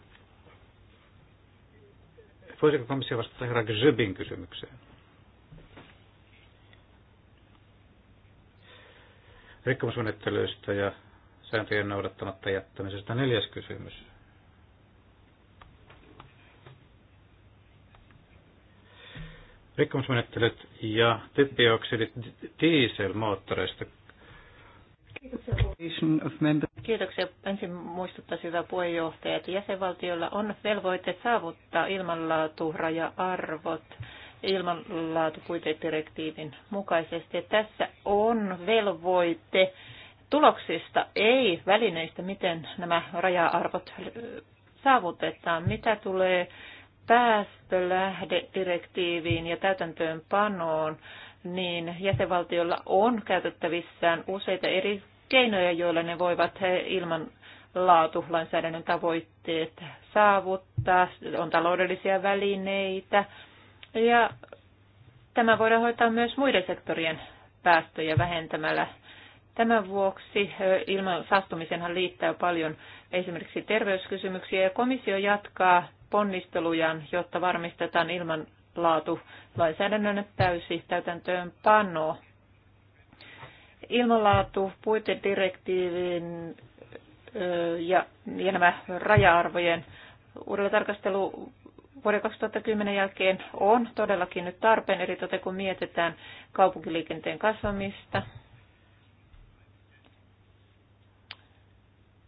Voisiko komissio vastata herra Gzybin kysymykseen? Rikkomusmenettelyistä ja sääntöjen noudattamatta jättämisestä neljäs kysymys. Rikkomusmenettelyt ja typpioksidit dieselmoottoreista.
Kiitoksia. Kiitoksia. Ensin muistuttaa hyvä puheenjohtaja, että jäsenvaltioilla on velvoite saavuttaa ja arvot ilmanlaatupuitedirektiivin mukaisesti. Ja tässä on velvoite tuloksista, ei välineistä, miten nämä raja-arvot saavutetaan. Mitä tulee päästölähdedirektiiviin ja täytäntöönpanoon, niin jäsenvaltiolla on käytettävissään useita eri keinoja, joilla ne voivat ilman laatu lainsäädännön tavoitteet saavuttaa, on taloudellisia välineitä ja tämä voidaan hoitaa myös muiden sektorien päästöjä vähentämällä. Tämän vuoksi ilman saastumisenhan liittää paljon esimerkiksi terveyskysymyksiä ja komissio jatkaa ponnistelujaan, jotta varmistetaan ilman laatu lainsäädännön täysi täytäntöönpano. Ilmanlaatu, puitedirektiivin ja, ja nämä raja-arvojen uudella tarkastelu vuoden 2010 jälkeen on todellakin nyt tarpeen, eritoten kun mietitään kaupunkiliikenteen kasvamista,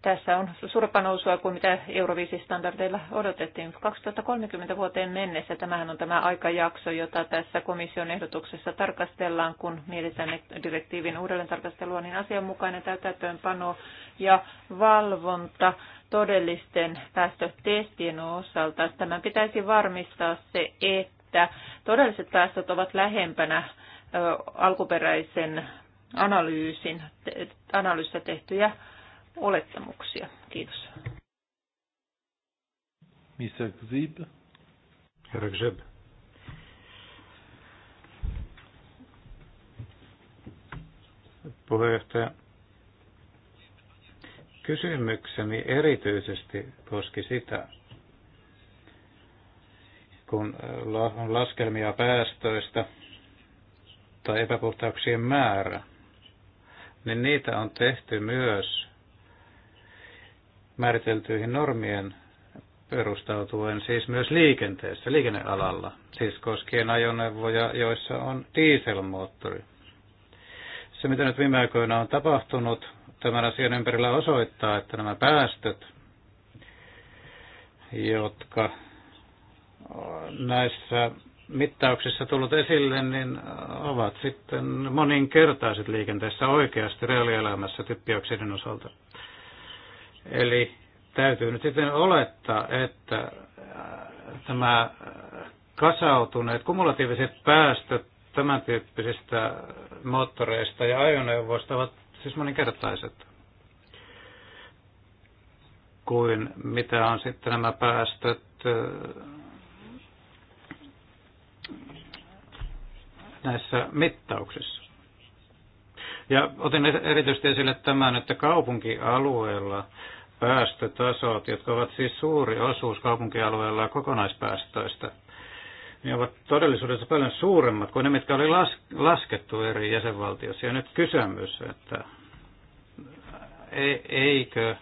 Tässä on surpa nousua kuin mitä Euroviisistandardeilla standardeilla odotettiin. 2030 vuoteen mennessä tämähän on tämä aikajakso, jota tässä komission ehdotuksessa tarkastellaan, kun mietitään direktiivin uudelleen tarkastelua, niin asianmukainen täytäntöönpano ja valvonta todellisten päästötestien osalta. Tämän pitäisi varmistaa se, että todelliset päästöt ovat lähempänä alkuperäisen analyysin, analyysissä tehtyjä olettamuksia. Kiitos.
Mr. Gzib. Herra Gzib. Puheenjohtaja, kysymykseni erityisesti koski sitä, kun on laskelmia päästöistä tai epäpuhtauksien määrä, niin niitä on tehty myös määriteltyihin normien perustautuen siis myös liikenteessä, liikennealalla, siis koskien ajoneuvoja, joissa on dieselmoottori. Se, mitä nyt viime aikoina on tapahtunut tämän asian ympärillä osoittaa, että nämä päästöt, jotka näissä mittauksissa tullut esille, niin ovat sitten moninkertaiset liikenteessä oikeasti reaalielämässä typpioksidin osalta. Eli täytyy nyt sitten olettaa, että äh, tämä äh, kasautuneet kumulatiiviset päästöt tämän tyyppisistä moottoreista ja ajoneuvoista ovat siis moninkertaiset kuin mitä on sitten nämä päästöt äh, näissä mittauksissa. Ja otin erityisesti esille tämän, että kaupunkialueella päästötasot, jotka ovat siis suuri osuus kaupunkialueella kokonaispäästöistä, niin ovat todellisuudessa paljon suuremmat kuin ne, mitkä oli laskettu eri jäsenvaltioissa. Ja nyt kysymys, että e-, eikö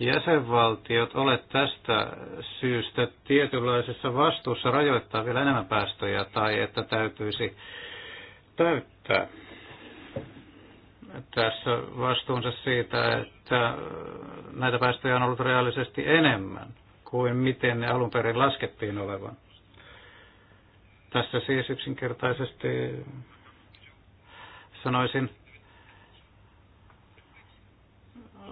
jäsenvaltiot ole tästä syystä tietynlaisessa vastuussa rajoittaa vielä enemmän päästöjä tai että täytyisi täyttää tässä vastuunsa siitä, että näitä päästöjä on ollut reaalisesti enemmän kuin miten ne alun perin laskettiin olevan. Tässä siis yksinkertaisesti sanoisin,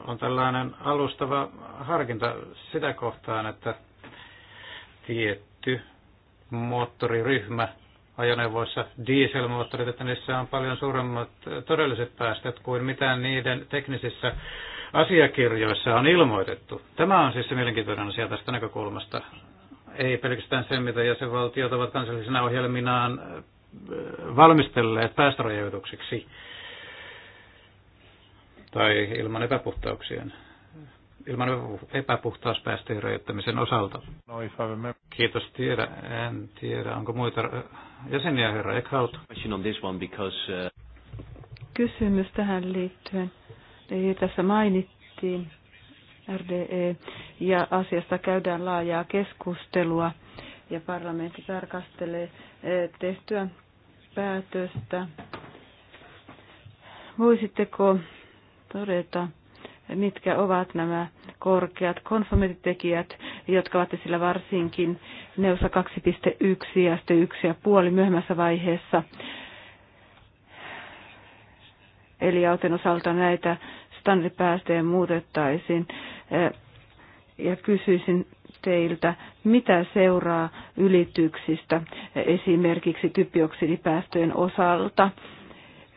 on tällainen alustava harkinta sitä kohtaan, että tietty moottoriryhmä ajoneuvoissa dieselmoottorit, että niissä on paljon suuremmat todelliset päästöt kuin mitä niiden teknisissä asiakirjoissa on ilmoitettu. Tämä on siis se mielenkiintoinen asia tästä näkökulmasta. Ei pelkästään se, mitä jäsenvaltiot ovat kansallisina ohjelminaan valmistelleet päästörajoituksiksi tai ilman epäpuhtauksien ilman epäpuhtauspäästöjen rajoittamisen osalta. No, Kiitos, tiedä. En tiedä, onko muita jäseniä, herra Eckhout. Uh,
Kysymys tähän liittyen. Eli tässä mainittiin RDE ja asiasta käydään laajaa keskustelua ja parlamentti tarkastelee eh, tehtyä päätöstä. Voisitteko todeta, mitkä ovat nämä korkeat konformitetekijät jotka ovat esillä varsinkin neusa 2.1 ja sitten 1,5 myöhemmässä vaiheessa. Eli auten osalta näitä standardipäästöjä muutettaisiin. Ja kysyisin teiltä, mitä seuraa ylityksistä esimerkiksi typioksidipäästöjen osalta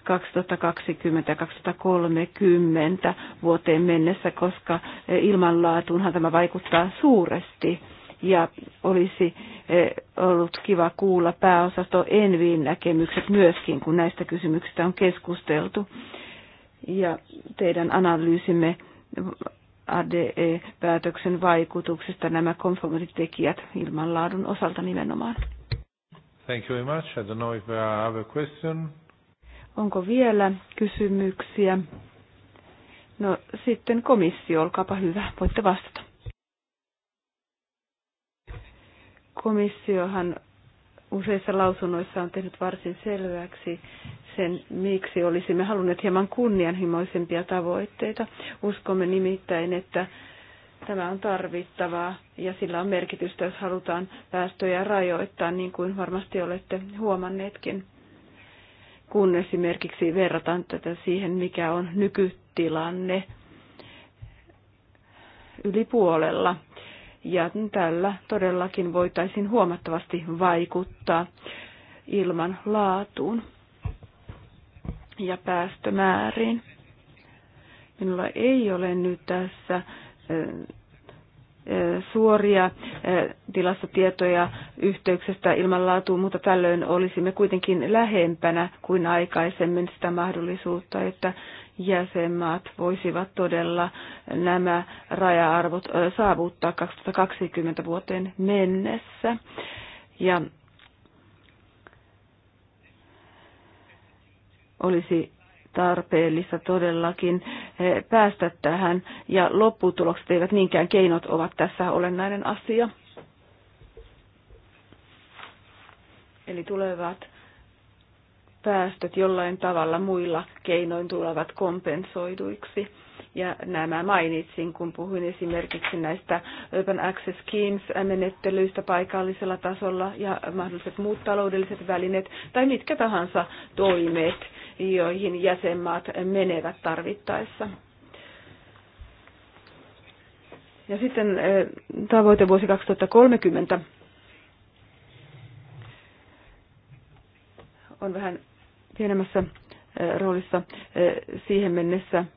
2020 ja 2030 vuoteen mennessä, koska ilmanlaatuunhan tämä vaikuttaa suuresti. Ja olisi eh, ollut kiva kuulla pääosasto Enviin näkemykset myöskin, kun näistä kysymyksistä on keskusteltu. Ja teidän analyysimme ADE-päätöksen vaikutuksista nämä konformitekijät ilmanlaadun osalta nimenomaan.
Thank you very much. I don't know if there are other questions.
Onko vielä kysymyksiä? No sitten komissio, olkaapa hyvä, voitte vastata. Komissiohan useissa lausunnoissa on tehnyt varsin selväksi sen, miksi olisimme halunneet hieman kunnianhimoisempia tavoitteita. Uskomme nimittäin, että tämä on tarvittavaa ja sillä on merkitystä, jos halutaan päästöjä rajoittaa, niin kuin varmasti olette huomanneetkin kun esimerkiksi verrataan tätä siihen, mikä on nykytilanne yli puolella. Ja tällä todellakin voitaisiin huomattavasti vaikuttaa ilman laatuun ja päästömääriin. Minulla ei ole nyt tässä suoria tilastotietoja yhteyksestä ilmanlaatuun, mutta tällöin olisimme kuitenkin lähempänä kuin aikaisemmin sitä mahdollisuutta, että jäsenmaat voisivat todella nämä raja-arvot saavuttaa 2020 vuoteen mennessä. Ja olisi tarpeellista todellakin eh, päästä tähän, ja lopputulokset eivät niinkään keinot ovat tässä olennainen asia. Eli tulevat päästöt jollain tavalla muilla keinoin tulevat kompensoiduiksi ja nämä mainitsin, kun puhuin esimerkiksi näistä Open Access Schemes-menettelyistä paikallisella tasolla ja mahdolliset muut taloudelliset välineet tai mitkä tahansa toimet, joihin jäsenmaat menevät tarvittaessa. Ja sitten tavoite vuosi 2030 on vähän pienemmässä roolissa siihen mennessä –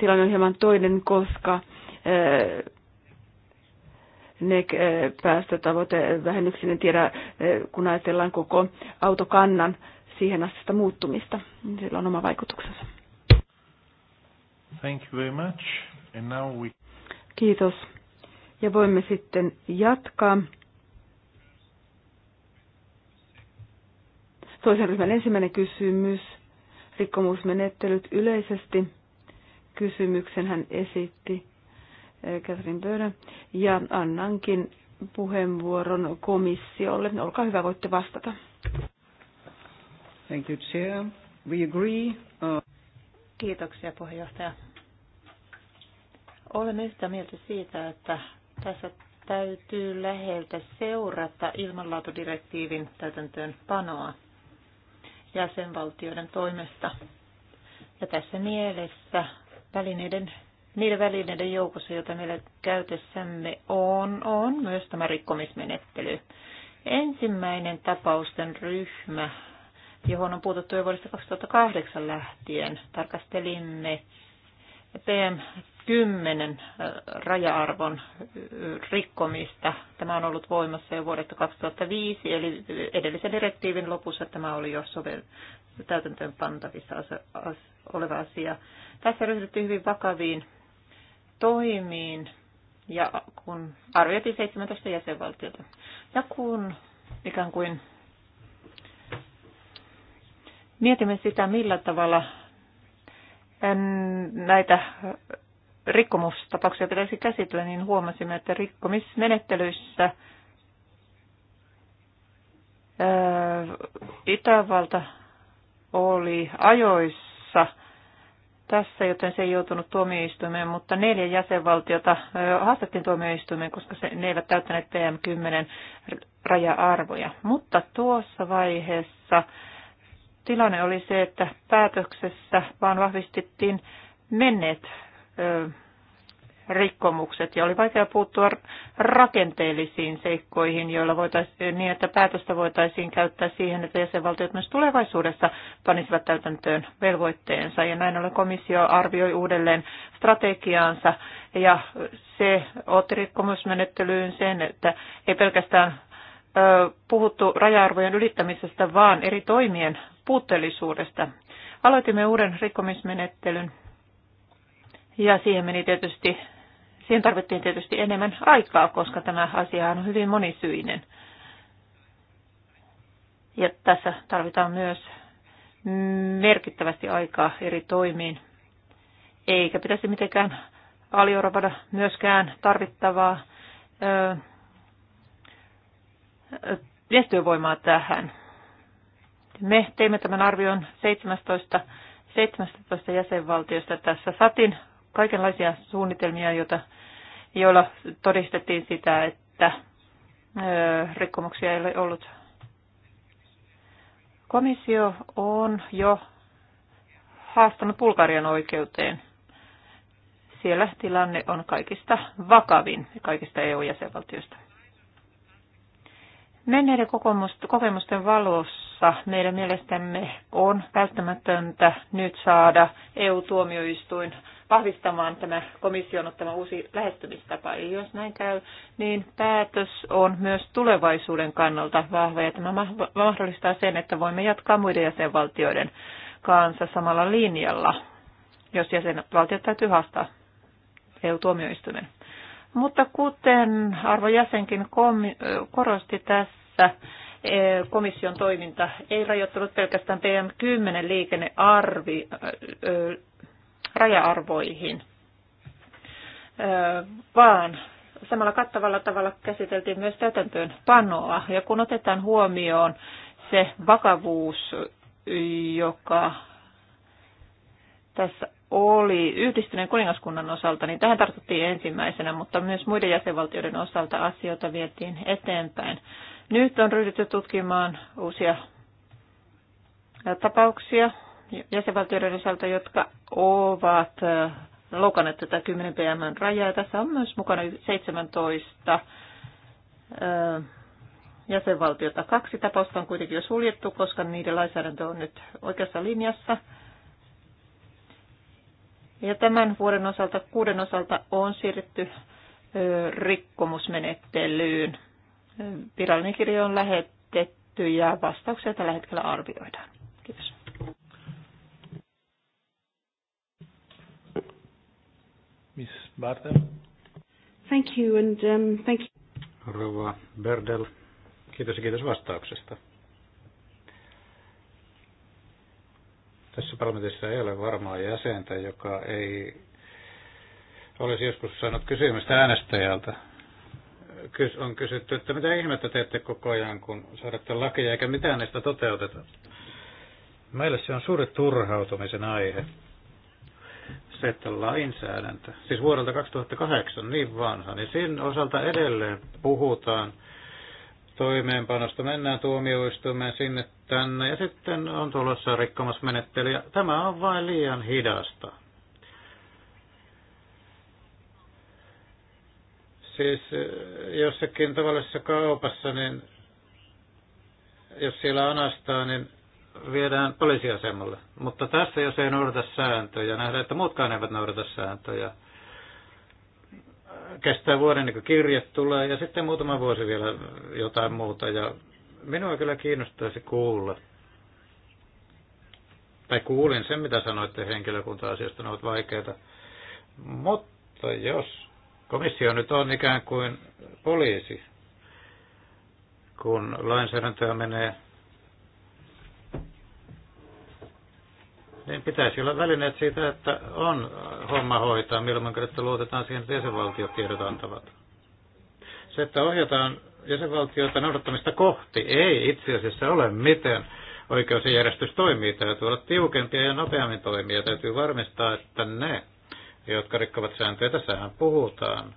tilanne on hieman toinen, koska ne päästötavoitevähennyksinen tiedä, kun ajatellaan koko autokannan siihen astista muuttumista. Niin sillä on oma vaikutuksensa.
Thank you very much. And now we...
Kiitos. Ja voimme sitten jatkaa. Toisen ryhmän ensimmäinen kysymys. Rikkomusmenettelyt yleisesti kysymyksen hän esitti eh, Catherine Böörä. Ja annankin puheenvuoron komissiolle. Olkaa hyvä, voitte vastata. Thank you, Chair.
We agree. Uh... Kiitoksia, puheenjohtaja. Olen yhtä mieltä siitä, että tässä täytyy läheltä seurata ilmanlaatudirektiivin täytäntöönpanoa jäsenvaltioiden toimesta. Ja tässä mielessä välineiden, niiden välineiden joukossa, joita meillä käytössämme on, on myös tämä rikkomismenettely. Ensimmäinen tapausten ryhmä, johon on puututtu jo vuodesta 2008 lähtien, tarkastelimme PM10 raja-arvon rikkomista. Tämä on ollut voimassa jo vuodesta 2005, eli edellisen direktiivin lopussa tämä oli jo täytäntöön pantavissa oleva asia. Tässä ryhdyttiin hyvin vakaviin toimiin ja kun arvioitiin 17 jäsenvaltiota. Ja kun ikään kuin mietimme sitä, millä tavalla näitä rikkomustapauksia pitäisi käsitellä, niin huomasimme, että rikkomismenettelyissä Itävalta oli ajoissa tässä, joten se ei joutunut tuomioistuimeen, mutta neljä jäsenvaltiota haastettiin tuomioistuimeen, koska se, ne eivät täyttäneet PM10 raja-arvoja. Mutta tuossa vaiheessa tilanne oli se, että päätöksessä vaan vahvistettiin menneet rikkomukset ja oli vaikea puuttua rakenteellisiin seikkoihin, joilla voitaisiin, niin että päätöstä voitaisiin käyttää siihen, että jäsenvaltiot myös tulevaisuudessa panisivat täytäntöön velvoitteensa. Ja näin ollen komissio arvioi uudelleen strategiaansa ja se otti rikkomusmenettelyyn sen, että ei pelkästään puhuttu raja-arvojen ylittämisestä, vaan eri toimien puutteellisuudesta. Aloitimme uuden rikkomismenettelyn ja siihen meni tietysti, siihen tarvittiin tietysti enemmän aikaa, koska tämä asia on hyvin monisyinen. Ja tässä tarvitaan myös merkittävästi aikaa eri toimiin, eikä pitäisi mitenkään aliorvada myöskään tarvittavaa miestyövoimaa tähän. Me teimme tämän arvion 17, 17 jäsenvaltiosta tässä SATin kaikenlaisia suunnitelmia, joita, joilla todistettiin sitä, että rikkomuksia ei ole ollut. Komissio on jo haastanut Bulgarian oikeuteen. Siellä tilanne on kaikista vakavin kaikista EU-jäsenvaltioista. Menneiden kokemusten valossa meidän mielestämme on välttämätöntä nyt saada EU-tuomioistuin vahvistamaan tämä komission ottama uusi lähestymistapa. Eli jos näin käy, niin päätös on myös tulevaisuuden kannalta vahva ja tämä mahdollistaa sen, että voimme jatkaa muiden jäsenvaltioiden kanssa samalla linjalla, jos jäsenvaltiot täytyy haastaa EU-tuomioistuimen. Mutta kuten arvo jäsenkin korosti tässä, e, komission toiminta ei rajoittunut pelkästään PM10 liikennearvi raja-arvoihin, vaan samalla kattavalla tavalla käsiteltiin myös täytäntöönpanoa. Ja kun otetaan huomioon se vakavuus, joka tässä oli yhdistyneen kuningaskunnan osalta, niin tähän tartuttiin ensimmäisenä, mutta myös muiden jäsenvaltioiden osalta asioita vietiin eteenpäin. Nyt on ryhdytty tutkimaan uusia tapauksia jäsenvaltioiden osalta, jotka ovat loukanneet tätä 10 pm rajaa. Tässä on myös mukana 17 jäsenvaltiota. Kaksi tapausta on kuitenkin jo suljettu, koska niiden lainsäädäntö on nyt oikeassa linjassa. Ja tämän vuoden osalta, kuuden osalta on siirretty rikkomusmenettelyyn. Virallinen kirja on lähetetty ja vastauksia tällä hetkellä arvioidaan. Kiitos.
Miss Bartel.
Thank you and um, thank you.
Rova Berdel, kiitos ja kiitos vastauksesta. Tässä parlamentissa ei ole varmaa jäsentä, joka ei olisi joskus saanut kysymystä äänestäjältä. Kys On kysytty, että mitä ihmettä teette koko ajan, kun saadatte lakeja eikä mitään niistä toteuteta. Meille se on suuri turhautumisen aihe. Se, että lainsäädäntö, siis vuodelta 2008, niin vanha, niin sen osalta edelleen puhutaan toimeenpanosta. Mennään tuomioistuimeen, sinne tänne ja sitten on tulossa rikkomusmenettely. Ja tämä on vain liian hidasta. Siis eh, jossakin tavallisessa kaupassa, niin jos siellä anastaa, niin viedään poliisiasemalle. Mutta tässä, jos ei noudata sääntöjä, nähdään, että muutkaan eivät noudata sääntöjä, kestää vuoden, niin kuin kirje tulee, ja sitten muutama vuosi vielä jotain muuta, ja Minua kyllä kiinnostaisi kuulla. Tai kuulin sen, mitä sanoitte henkilökunta-asiasta, ne ovat vaikeita. Mutta jos komissio nyt on ikään kuin poliisi, kun lainsäädäntöä menee, niin pitäisi olla välineet siitä, että on homma hoitaa, milloin että luotetaan siihen, että jäsenvaltiot tiedot antavat. Se, että ohjataan jäsenvaltioita noudattamista kohti ei itse asiassa ole miten oikeusjärjestys toimii. Täytyy olla tiukempia ja nopeammin toimia. Täytyy varmistaa, että ne, jotka rikkovat sääntöjä, tässähän puhutaan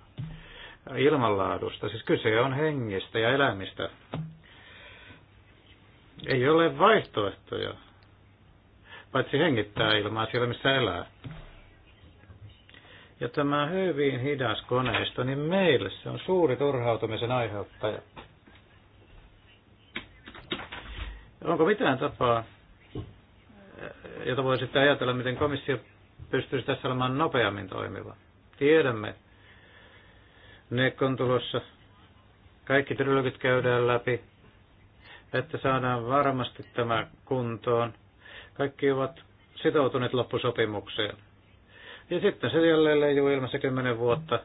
ilmanlaadusta. Siis kyse on hengistä ja elämistä. Ei ole vaihtoehtoja, paitsi hengittää ilmaa siellä, missä elää. Ja tämä hyvin hidas koneisto, niin meille se on suuri turhautumisen aiheuttaja. Onko mitään tapaa, jota voisitte ajatella, miten komissio pystyisi tässä olemaan nopeammin toimiva? Tiedämme, ne on tulossa, kaikki trilogit käydään läpi, että saadaan varmasti tämä kuntoon. Kaikki ovat sitoutuneet loppusopimukseen. Ja sitten se jälleen leijuu ilmassa kymmenen vuotta.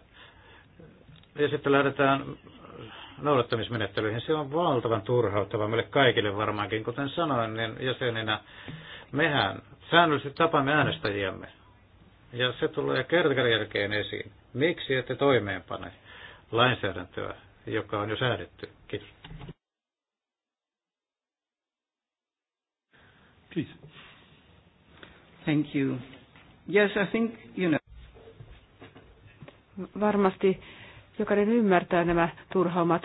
Ja sitten lähdetään noudattamismenettelyihin. Se on valtavan turhauttava meille kaikille varmaankin. Kuten sanoin, niin jäseninä mehän säännöllisesti tapaamme äänestäjiämme. Ja se tulee kertakäri jälkeen esiin. Miksi ette toimeenpane lainsäädäntöä, joka on jo säädetty? Kiitos.
Kiitos. Thank you. Yes, I think, you know. Varmasti jokainen ymmärtää nämä turhaumat,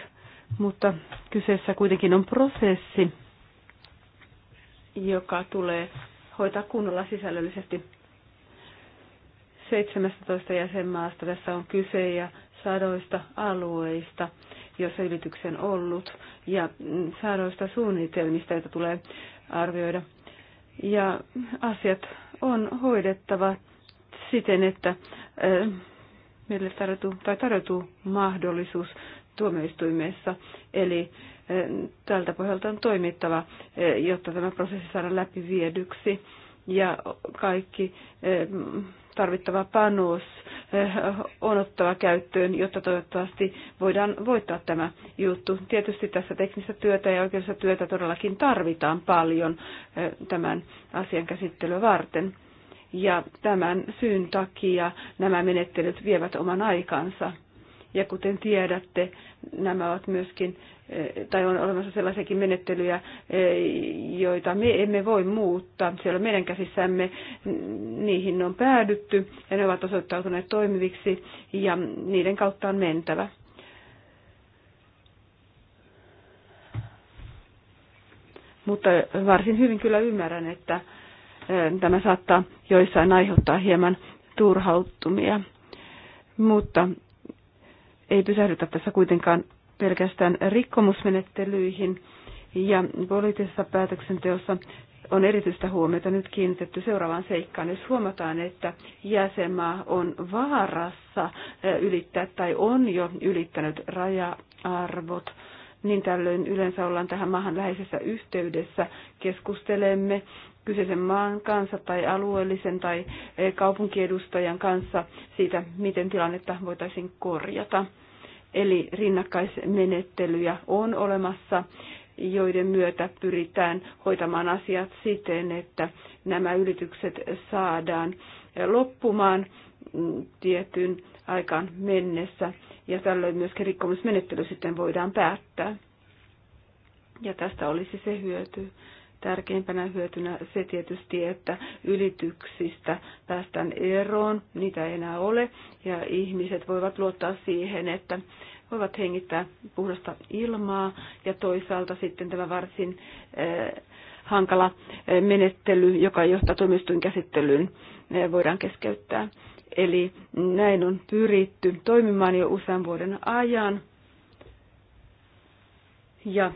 mutta kyseessä kuitenkin on prosessi, joka tulee hoitaa kunnolla sisällöllisesti. 17 jäsenmaasta tässä on kyse ja sadoista alueista, joissa yrityksen ollut, ja sadoista suunnitelmista, joita tulee arvioida ja asiat on hoidettava siten, että meille tarjotuu, tai tarjotuu mahdollisuus tuomioistuimessa. Eli tältä pohjalta on toimittava, jotta tämä prosessi saadaan läpiviedyksi. Ja kaikki tarvittava panos Eh, on ottava käyttöön, jotta toivottavasti voidaan voittaa tämä juttu. Tietysti tässä teknistä työtä ja oikeudellista työtä todellakin tarvitaan paljon eh, tämän asian käsittelyä varten. Ja tämän syyn takia nämä menettelyt vievät oman aikansa. Ja kuten tiedätte, nämä ovat myöskin tai on olemassa sellaisiakin menettelyjä, e, joita me emme voi muuttaa. Siellä meidän käsissämme, niihin on päädytty ja ne ovat osoittautuneet toimiviksi ja niiden kautta on mentävä. Mutta varsin hyvin kyllä ymmärrän, että e, tämä saattaa joissain aiheuttaa hieman turhauttumia. Mutta ei pysähdytä tässä kuitenkaan pelkästään rikkomusmenettelyihin ja poliittisessa päätöksenteossa on erityistä huomiota nyt kiinnitetty seuraavaan seikkaan. Jos huomataan, että jäsenmaa on vaarassa ylittää tai on jo ylittänyt raja-arvot, niin tällöin yleensä ollaan tähän maahan läheisessä yhteydessä, keskustelemme kyseisen maan kanssa tai alueellisen tai kaupunkiedustajan kanssa siitä, miten tilannetta voitaisiin korjata. Eli rinnakkaismenettelyjä on olemassa, joiden myötä pyritään hoitamaan asiat siten, että nämä ylitykset saadaan loppumaan tietyn aikaan mennessä ja tällöin myöskin rikkomusmenettely sitten voidaan päättää. Ja tästä olisi se hyöty, Tärkeimpänä hyötynä se tietysti, että ylityksistä päästään eroon, niitä ei enää ole, ja ihmiset voivat luottaa siihen, että voivat hengittää puhdasta ilmaa, ja toisaalta sitten tämä varsin äh, hankala eh, menettely, joka johtaa tuomioistuin käsittelyyn, eh, voidaan keskeyttää. Eli näin on pyritty toimimaan jo usean vuoden ajan. Ja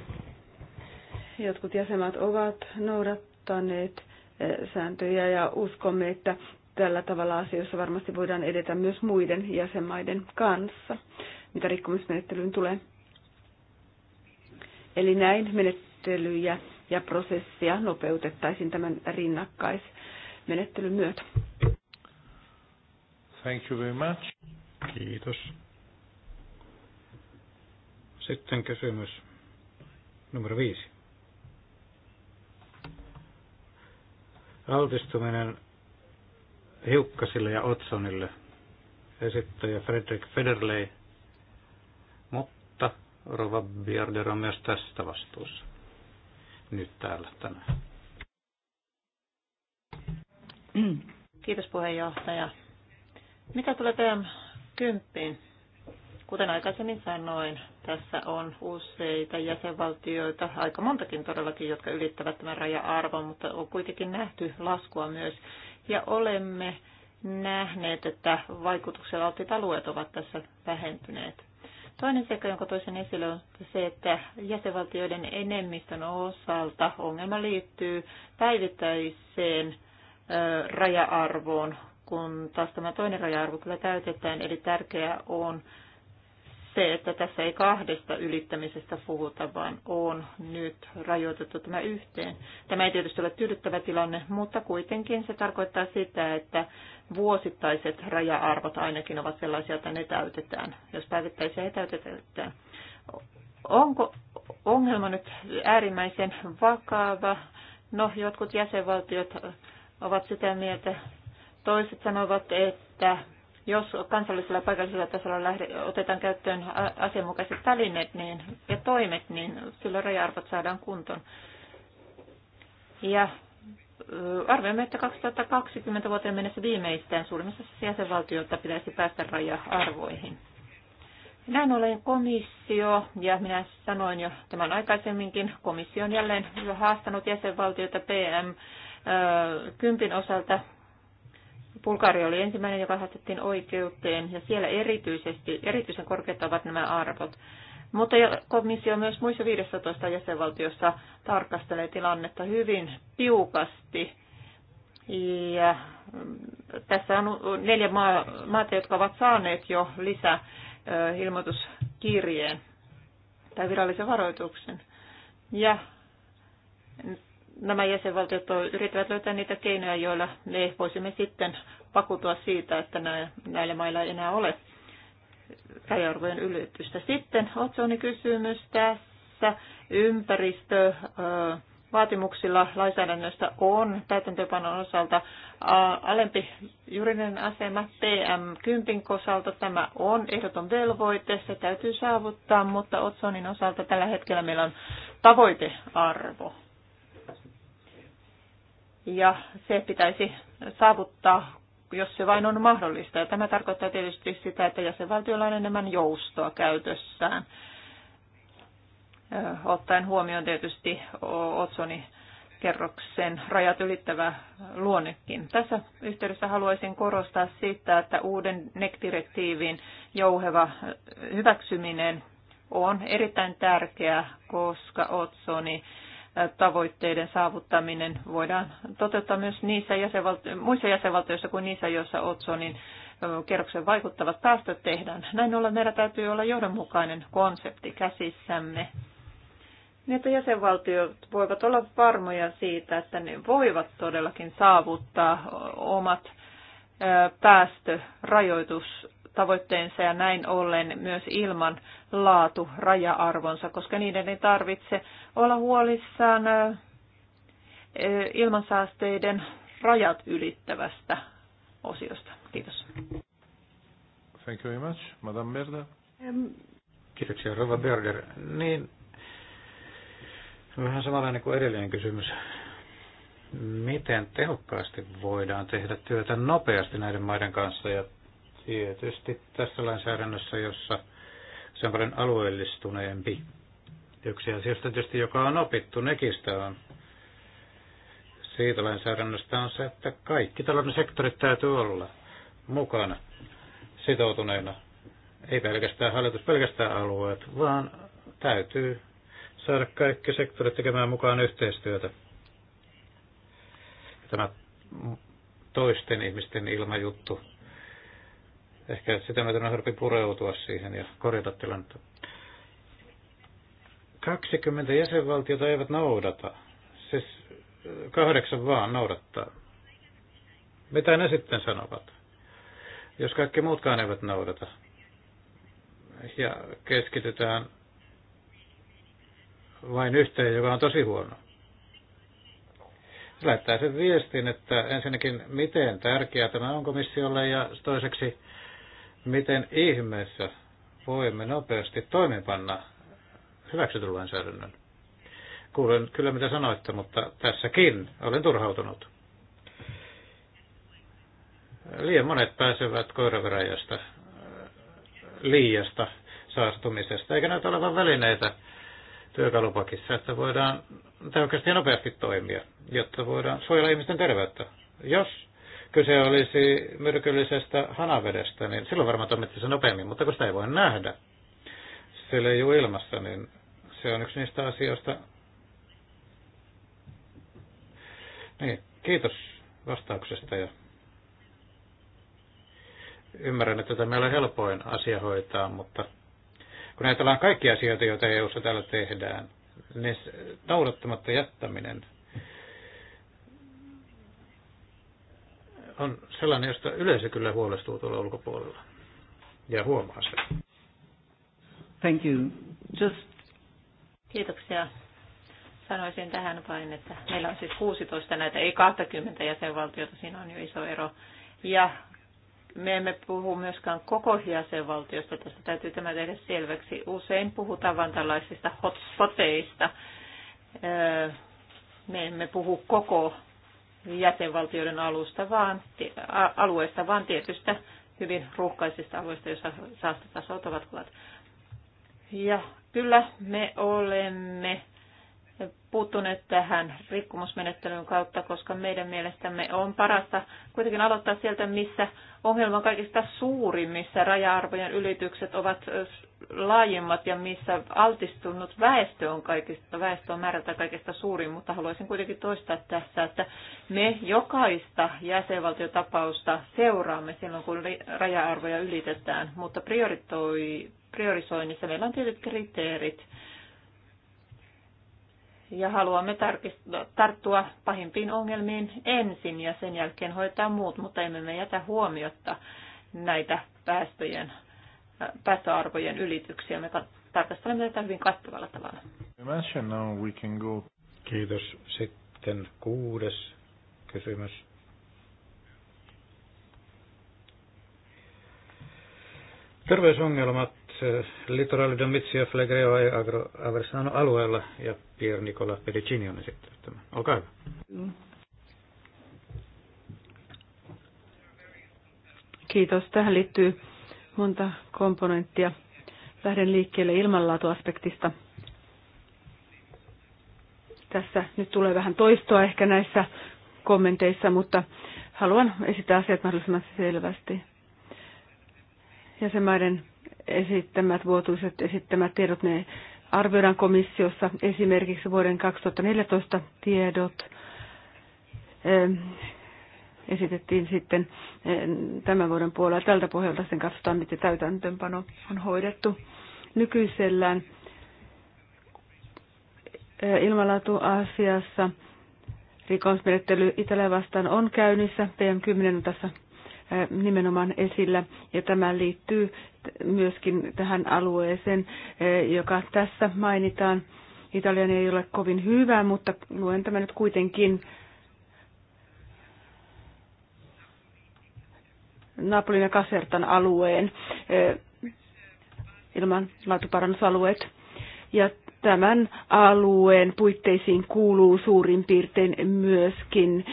jotkut jäsenmaat ovat noudattaneet eh, sääntöjä ja uskomme, että tällä tavalla asioissa varmasti voidaan edetä myös muiden jäsenmaiden kanssa, mitä rikkomusmenettelyyn tulee. Eli näin menettelyjä ja prosessia nopeutettaisiin tämän rinnakkaismenettelyn myötä.
Thank you very much. Kiitos. Sitten kysymys numero viisi. altistuminen hiukkasille ja otsonille, esittäjä Fredrik Federley, mutta Rova Bjarder on myös tästä vastuussa nyt täällä tänään.
Kiitos puheenjohtaja. Mitä tulee teidän kymppiin Kuten aikaisemmin sanoin, tässä on useita jäsenvaltioita, aika montakin todellakin, jotka ylittävät tämän raja-arvon, mutta on kuitenkin nähty laskua myös. Ja olemme nähneet, että vaikutuksella altit alueet ovat tässä vähentyneet. Toinen seikka, jonka toisen esille on se, että jäsenvaltioiden enemmistön osalta ongelma liittyy päivittäiseen raja-arvoon, kun taas tämä toinen raja-arvo kyllä täytetään, eli tärkeää on se, että tässä ei kahdesta ylittämisestä puhuta, vaan on nyt rajoitettu tämä yhteen. Tämä ei tietysti ole tyydyttävä tilanne, mutta kuitenkin se tarkoittaa sitä, että vuosittaiset raja-arvot ainakin ovat sellaisia, että ne täytetään, jos päivittäisiä ei täytetään. Onko ongelma nyt äärimmäisen vakava? No, jotkut jäsenvaltiot ovat sitä mieltä. Toiset sanovat, että jos kansallisella ja paikallisella tasolla lähde, otetaan käyttöön asianmukaiset välineet niin, ja toimet, niin silloin raja-arvot saadaan kuntoon. Ja arvioimme, että 2020 vuoteen mennessä viimeistään suurimmassa jäsenvaltiolta pitäisi päästä raja-arvoihin. Näin ollen komissio, ja minä sanoin jo tämän aikaisemminkin, komissio on jälleen haastanut jäsenvaltiota PM10 osalta Bulgaria oli ensimmäinen, joka haastettiin oikeuteen, ja siellä erityisesti, erityisen korkeat ovat nämä arvot. Mutta komissio myös muissa 15 jäsenvaltiossa tarkastelee tilannetta hyvin tiukasti. Ja mm, tässä on neljä maata, jotka ovat saaneet jo lisäilmoituskirjeen tai virallisen varoituksen. Ja nämä jäsenvaltiot yrittävät löytää niitä keinoja, joilla me voisimme sitten pakutua siitä, että näillä mailla ei enää ole rajarvojen ylitystä. Sitten otsoni kysymys tässä ympäristö vaatimuksilla lainsäädännöstä on täytäntöpanon osalta alempi juridinen asema PM10 osalta. Tämä on ehdoton velvoite, se täytyy saavuttaa, mutta Otsonin osalta tällä hetkellä meillä on tavoitearvo ja se pitäisi saavuttaa, jos se vain on mahdollista. Ja tämä tarkoittaa tietysti sitä, että jäsenvaltioilla on enemmän joustoa käytössään, ottaen huomioon tietysti otsoni kerroksen rajat ylittävä luonnekin. Tässä yhteydessä haluaisin korostaa sitä, että uuden NEC-direktiivin jouheva hyväksyminen on erittäin tärkeää, koska otsoni tavoitteiden saavuttaminen voidaan toteuttaa myös niissä jäsenvaltio- muissa jäsenvaltioissa kuin niissä, joissa Otsonin kerroksen vaikuttavat päästöt tehdään. Näin ollen meidän täytyy olla johdonmukainen konsepti käsissämme. Niin, että jäsenvaltiot voivat olla varmoja siitä, että ne voivat todellakin saavuttaa omat päästörajoitustavoitteensa ja näin ollen myös ilman laatu raja-arvonsa, koska niiden ei tarvitse olla huolissaan ilmansaasteiden rajat ylittävästä osiosta. Kiitos.
Thank you very much. Madame Berger. Kiitoksia, Rova Berger. Niin, vähän samanlainen kuin edellinen kysymys. Miten tehokkaasti voidaan tehdä työtä nopeasti näiden maiden kanssa ja tietysti tässä lainsäädännössä, jossa se on paljon alueellistuneempi. Yksi asiasta tietysti, joka on opittu nekistä on siitä lainsäädännöstä on se, että kaikki talouden sektorit täytyy olla mukana sitoutuneena. Ei pelkästään hallitus, pelkästään alueet, vaan täytyy saada kaikki sektorit tekemään mukaan yhteistyötä. Tämä toisten ihmisten ilmajuttu Ehkä sitä myöten on helppi pureutua siihen ja korjata tilannetta. 20 jäsenvaltiota eivät noudata. Siis eh, kahdeksan vaan noudattaa. Mitä ne sitten sanovat, jos kaikki muutkaan eivät noudata? Ja keskitytään vain yhteen, joka on tosi huono. Lähettää sen viestin, että ensinnäkin miten tärkeää tämä on komissiolle ja toiseksi miten ihmeessä voimme nopeasti toimeenpanna hyväksytyn lainsäädännön. Kuulen kyllä mitä sanoitte, mutta tässäkin olen turhautunut. Liian monet pääsevät koiraveräjästä, liiasta, saastumisesta, eikä näytä olevan välineitä työkalupakissa, että voidaan tai oikeasti nopeasti toimia, jotta voidaan suojella ihmisten terveyttä. Jos kyse olisi myrkyllisestä hanavedestä, niin silloin varmaan toimittisi nopeammin, mutta kun sitä ei voi nähdä, se leijuu ilmassa, niin se on yksi niistä asioista. Niin, kiitos vastauksesta ja ymmärrän, että tämä meillä on helpoin asia hoitaa, mutta kun ajatellaan kaikkia asioita, joita EU-ssa täällä tehdään, niin noudattamatta jättäminen on sellainen, josta yleisö kyllä huolestuu tuolla ulkopuolella ja huomaa sen.
Thank you. Just...
Kiitoksia. Sanoisin tähän vain, että meillä on siis 16 näitä, ei 20 jäsenvaltiota, siinä on jo iso ero. Ja me emme puhu myöskään koko jäsenvaltiosta, tästä täytyy tämä tehdä selväksi. Usein puhutaan vain tällaisista hotspoteista. Öö, me emme puhu koko jäsenvaltioiden alusta, vaan, alueesta, vaan tietystä hyvin ruuhkaisista alueista, joissa saastotasot ovat kovat. Ja kyllä me olemme puuttuneet tähän rikkomusmenettelyn kautta, koska meidän mielestämme on parasta kuitenkin aloittaa sieltä, missä ongelma on kaikista suurin, missä raja-arvojen ylitykset ovat laajemmat ja missä altistunut väestö on kaikista, väestö on määrältä kaikista suurin, mutta haluaisin kuitenkin toistaa tässä, että me jokaista jäsenvaltiotapausta seuraamme silloin, kun raja-arvoja ylitetään, mutta prioritoi, priorisoinnissa meillä on tietyt kriteerit, ja haluamme tarttua pahimpiin ongelmiin ensin ja sen jälkeen hoitaa muut, mutta emme me jätä huomiota näitä päästöjen päästöarvojen ylityksiä. Me tarkastelemme tätä hyvin kattavalla tavalla.
Kiitos. Sitten kuudes kysymys. Terveysongelmat Litoral de Mizia Flegreo e Aversano alueella ja Pier Nicola Pedicini on esittänyt Olkaa hyvä.
Kiitos. Tähän liittyy monta komponenttia. Lähden liikkeelle ilmanlaatuaspektista. Tässä nyt tulee vähän toistoa ehkä näissä kommenteissa, mutta haluan esittää asiat mahdollisimman selvästi. Jäsenmaiden esittämät vuotuiset esittämät tiedot, ne arvioidaan komissiossa esimerkiksi vuoden 2014 tiedot esitettiin sitten eh, tämän vuoden puolella. Tältä pohjalta sitten katsotaan, miten täytäntöönpano on hoidettu nykyisellään eh, ilmanlaatuasiassa. Rikosmenettely Itälä vastaan on käynnissä. PM10 on tässä eh, nimenomaan esillä ja tämä liittyy myöskin tähän alueeseen, joka tässä mainitaan. Italian ei ole kovin hyvä, mutta luen tämä nyt kuitenkin Napolin ja Kasertan alueen ilmanlaatuparannusalueet. Ja tämän alueen puitteisiin kuuluu suurin piirtein myöskin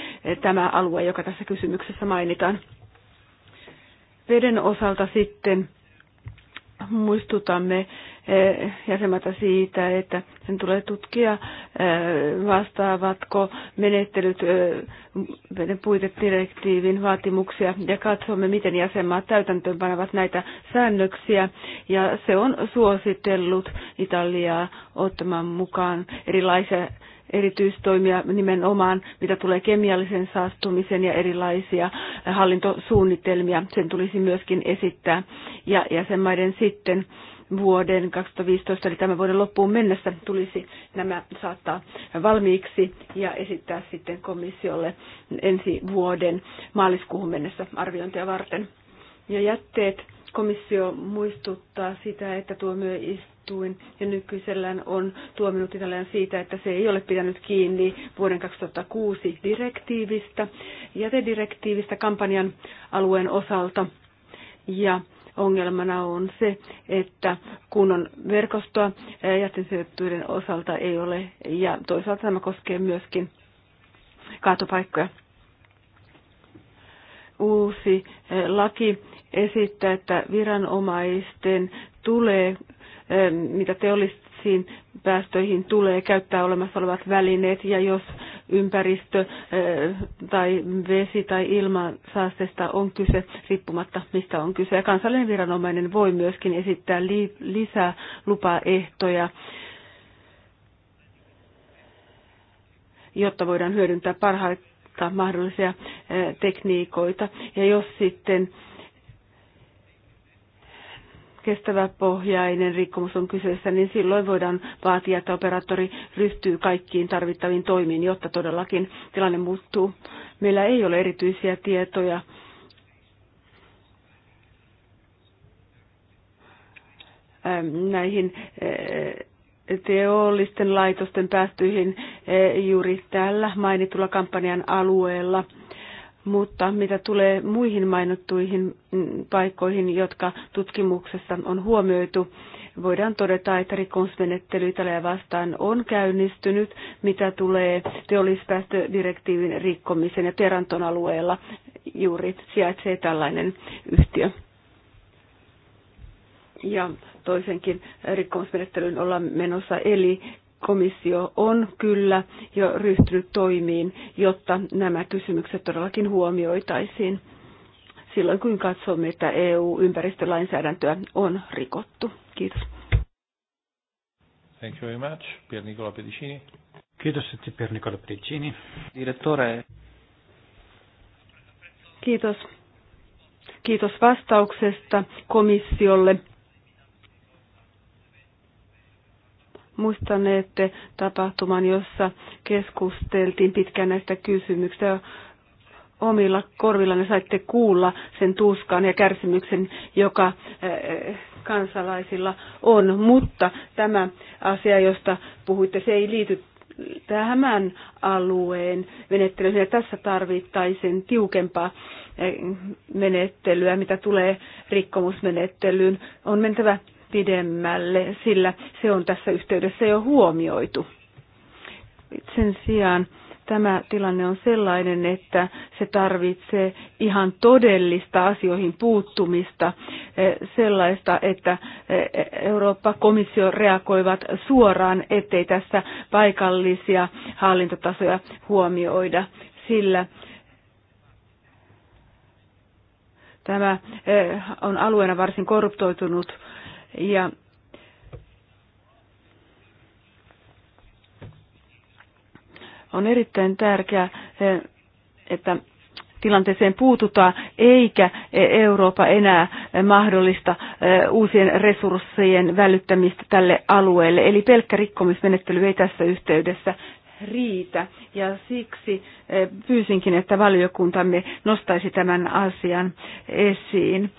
tämä alue, joka tässä kysymyksessä mainitaan. Veden osalta sitten muistutamme Eh, jäsenmaata siitä, että sen tulee tutkia eh, vastaavatko menettelyt eh, puitedirektiivin vaatimuksia ja katsomme, miten jäsenmaat täytäntöönpanevat näitä säännöksiä. Ja se on suositellut Italiaa ottamaan mukaan erilaisia erityistoimia nimenomaan, mitä tulee kemiallisen saastumisen ja erilaisia hallintosuunnitelmia. Sen tulisi myöskin esittää ja jäsenmaiden sitten vuoden 2015 eli tämän vuoden loppuun mennessä tulisi nämä saattaa valmiiksi ja esittää sitten komissiolle ensi vuoden maaliskuuhun mennessä arviointia varten. Ja jätteet. Komissio muistuttaa sitä, että tuomioistuin ja nykyisellään on tuominut Italian siitä, että se ei ole pitänyt kiinni vuoden 2006 direktiivistä, jätedirektiivistä kampanjan alueen osalta. Ja ongelmana on se, että kun on verkostoa jätesijoittujen osalta ei ole, ja toisaalta tämä koskee myöskin kaatopaikkoja. Uusi laki esittää, että viranomaisten tulee, mitä teollisiin päästöihin tulee, käyttää olemassa olevat välineet, ja jos ympäristö- eh, tai vesi- tai ilmansaasteesta on kyse, riippumatta mistä on kyse. Ja kansallinen viranomainen voi myöskin esittää li- lisää lupaehtoja, jotta voidaan hyödyntää parhaita mahdollisia eh, tekniikoita. Ja jos sitten kestävä pohjainen rikkomus on kyseessä, niin silloin voidaan vaatia, että operaattori ryhtyy kaikkiin tarvittaviin toimiin, jotta todellakin tilanne muuttuu. Meillä ei ole erityisiä tietoja ähm, näihin äh, teollisten laitosten päästyihin äh, juuri tällä mainitulla kampanjan alueella – mutta mitä tulee muihin mainottuihin mm, paikkoihin, jotka tutkimuksessa on huomioitu, voidaan todeta, että rikosmenettely Italia vastaan on käynnistynyt, mitä tulee teollispäästödirektiivin rikkomisen ja Teranton alueella juuri sijaitsee tällainen yhtiö. Ja toisenkin rikkomusmenettelyyn ollaan menossa, eli komissio on kyllä jo ryhtynyt toimiin, jotta nämä kysymykset todellakin huomioitaisiin silloin, kun katsomme, että EU-ympäristölainsäädäntöä on rikottu. Kiitos.
Thank you very much. Pier Nicola Pedicini.
Kiitos, että Pier Nicola
Pedicini. Direttore.
Kiitos. Kiitos vastauksesta komissiolle muistaneette tapahtuman, jossa keskusteltiin pitkään näistä kysymyksistä. Omilla korvillanne saitte kuulla sen tuskan ja kärsimyksen, joka eh, kansalaisilla on. Mutta tämä asia, josta puhuitte, se ei liity tämän alueen menettelyyn. Ja tässä tarvittaisiin tiukempaa eh, menettelyä, mitä tulee rikkomusmenettelyyn. On mentävä pidemmälle, sillä se on tässä yhteydessä jo huomioitu. Sen sijaan tämä tilanne on sellainen, että se tarvitsee ihan todellista asioihin puuttumista, eh, sellaista, että eh, Eurooppa-komissio reagoivat suoraan, ettei tässä paikallisia hallintotasoja huomioida, sillä tämä eh, on alueena varsin korruptoitunut ja on erittäin tärkeää, eh, että tilanteeseen puututaan, eikä eh, Eurooppa enää mahdollista eh, uusien resurssien välyttämistä tälle alueelle. Eli pelkkä rikkomismenettely ei tässä yhteydessä riitä ja siksi eh, pyysinkin, että valiokuntamme nostaisi tämän asian esiin.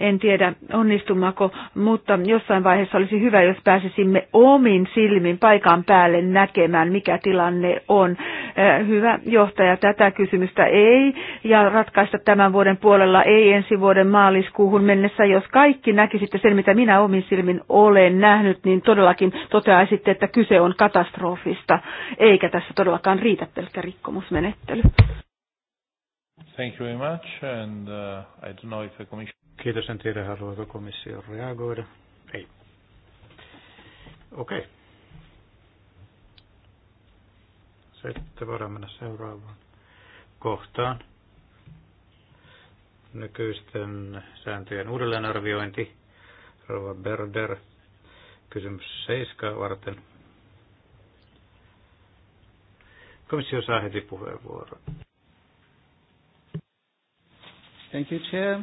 En tiedä onnistumako, mutta jossain vaiheessa olisi hyvä, jos pääsisimme omin silmin paikan päälle näkemään, mikä tilanne on. Eh, hyvä johtaja, tätä kysymystä ei ja ratkaista tämän vuoden puolella, ei ensi vuoden maaliskuuhun mennessä. Jos kaikki näkisitte sen, mitä minä omin silmin olen nähnyt, niin todellakin toteaisitte, että kyse on katastrofista, eikä eikä tässä todellakaan riitä pelkkä rikkomusmenettely.
Thank you very much, and uh, I don't know if the commission... Kiitos, en tiedä haluaako komissio reagoida. Ei. Okei. Okay. Sitten voidaan mennä seuraavaan kohtaan. Nykyisten sääntöjen uudelleenarviointi. Rova Berder, kysymys 7 varten Komissio saa heti puheenvuoron.
Thank you, Chair.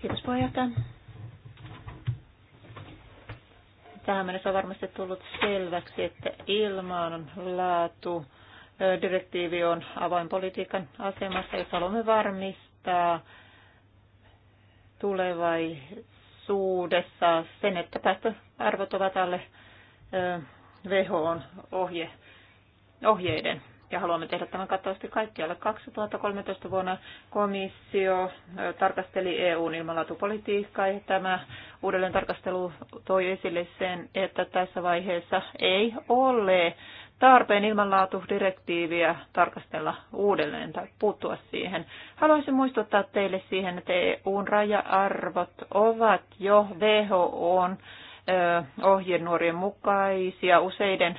Kiitos puheenjohtaja. Tähän mennessä on varmasti tullut selväksi, että ilman laatu direktiivi on politiikan asemassa, jos haluamme varmistaa tulevaisuudessa sen, että päästöarvot ovat alle who ohje ohjeiden. Ja haluamme tehdä tämän kattavasti kaikkialle. 2013 vuonna komissio tarkasteli EUn ilmanlaatupolitiikkaa ja tämä uudelleen tarkastelu toi esille sen, että tässä vaiheessa ei ole tarpeen ilmanlaatudirektiiviä tarkastella uudelleen tai puuttua siihen. Haluaisin muistuttaa teille siihen, että EUn raja-arvot ovat jo WHOn ohjenuorien mukaisia useiden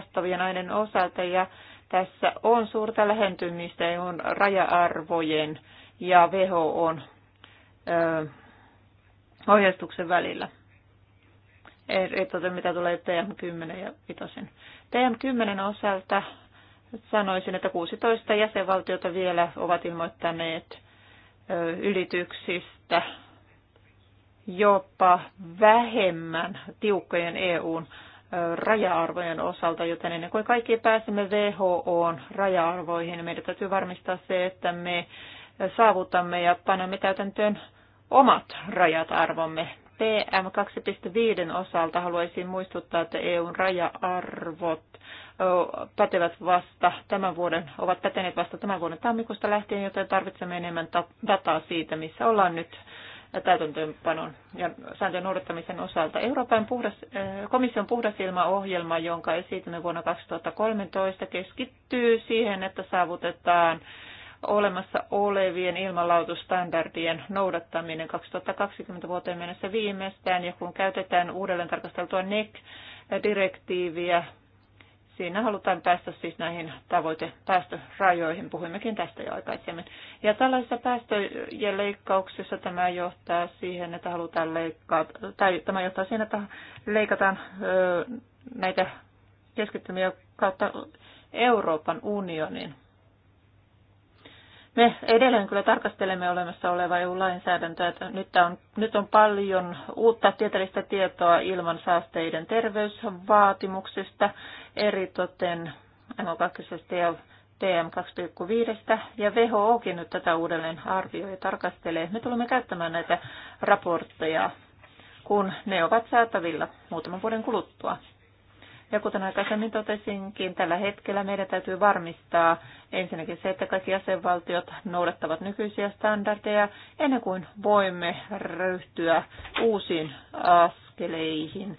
sastavia nainen osalta ja tässä on suurta lähentymistä on raja-arvojen ja WHOn ö, ohjeistuksen välillä. Eritoten mitä tulee TM10 ja 5. TM10 osalta sanoisin, että 16 jäsenvaltiota vielä ovat ilmoittaneet ö, ylityksistä jopa vähemmän tiukkojen EUn raja-arvojen osalta, joten ennen kuin kaikki pääsemme WHOn raja-arvoihin, meidän täytyy varmistaa se, että me saavutamme ja panemme täytäntöön omat rajat arvomme. PM 2.5 osalta haluaisin muistuttaa, että EUn raja-arvot pätevät vasta tämän vuoden, ovat päteneet vasta tämän vuoden tammikuusta lähtien, joten tarvitsemme enemmän dataa siitä, missä ollaan nyt täytäntöönpanon ja sääntöjen noudattamisen osalta. Euroopan puhdas, eh, komission puhdasilmaohjelma, jonka esitimme vuonna 2013, keskittyy siihen, että saavutetaan olemassa olevien ilmanlaatustandardien noudattaminen 2020 vuoteen mennessä viimeistään, ja kun käytetään uudelleen tarkasteltua NEC-direktiiviä Siinä halutaan päästä siis näihin tavoitepäästörajoihin, puhuimmekin tästä jo aikaisemmin. Ja tällaisissa päästöjen leikkauksissa tämä johtaa siihen, että halutaan leikkaa, tai tämä johtaa siihen, että leikataan näitä keskittymiä kautta Euroopan unionin. Me edelleen kyllä tarkastelemme olemassa olevaa EU-lainsäädäntöä. Nyt on, nyt on paljon uutta tieteellistä tietoa ilman saasteiden terveysvaatimuksista, eritoten MO2 ja PM2,5 ja WHOkin nyt tätä uudelleen arvioi ja tarkastelee. Me tulemme käyttämään näitä raportteja, kun ne ovat saatavilla muutaman vuoden kuluttua. Ja kuten aikaisemmin totesinkin, tällä hetkellä meidän täytyy varmistaa ensinnäkin se, että kaikki jäsenvaltiot noudattavat nykyisiä standardeja ennen kuin voimme ryhtyä uusiin askeleihin,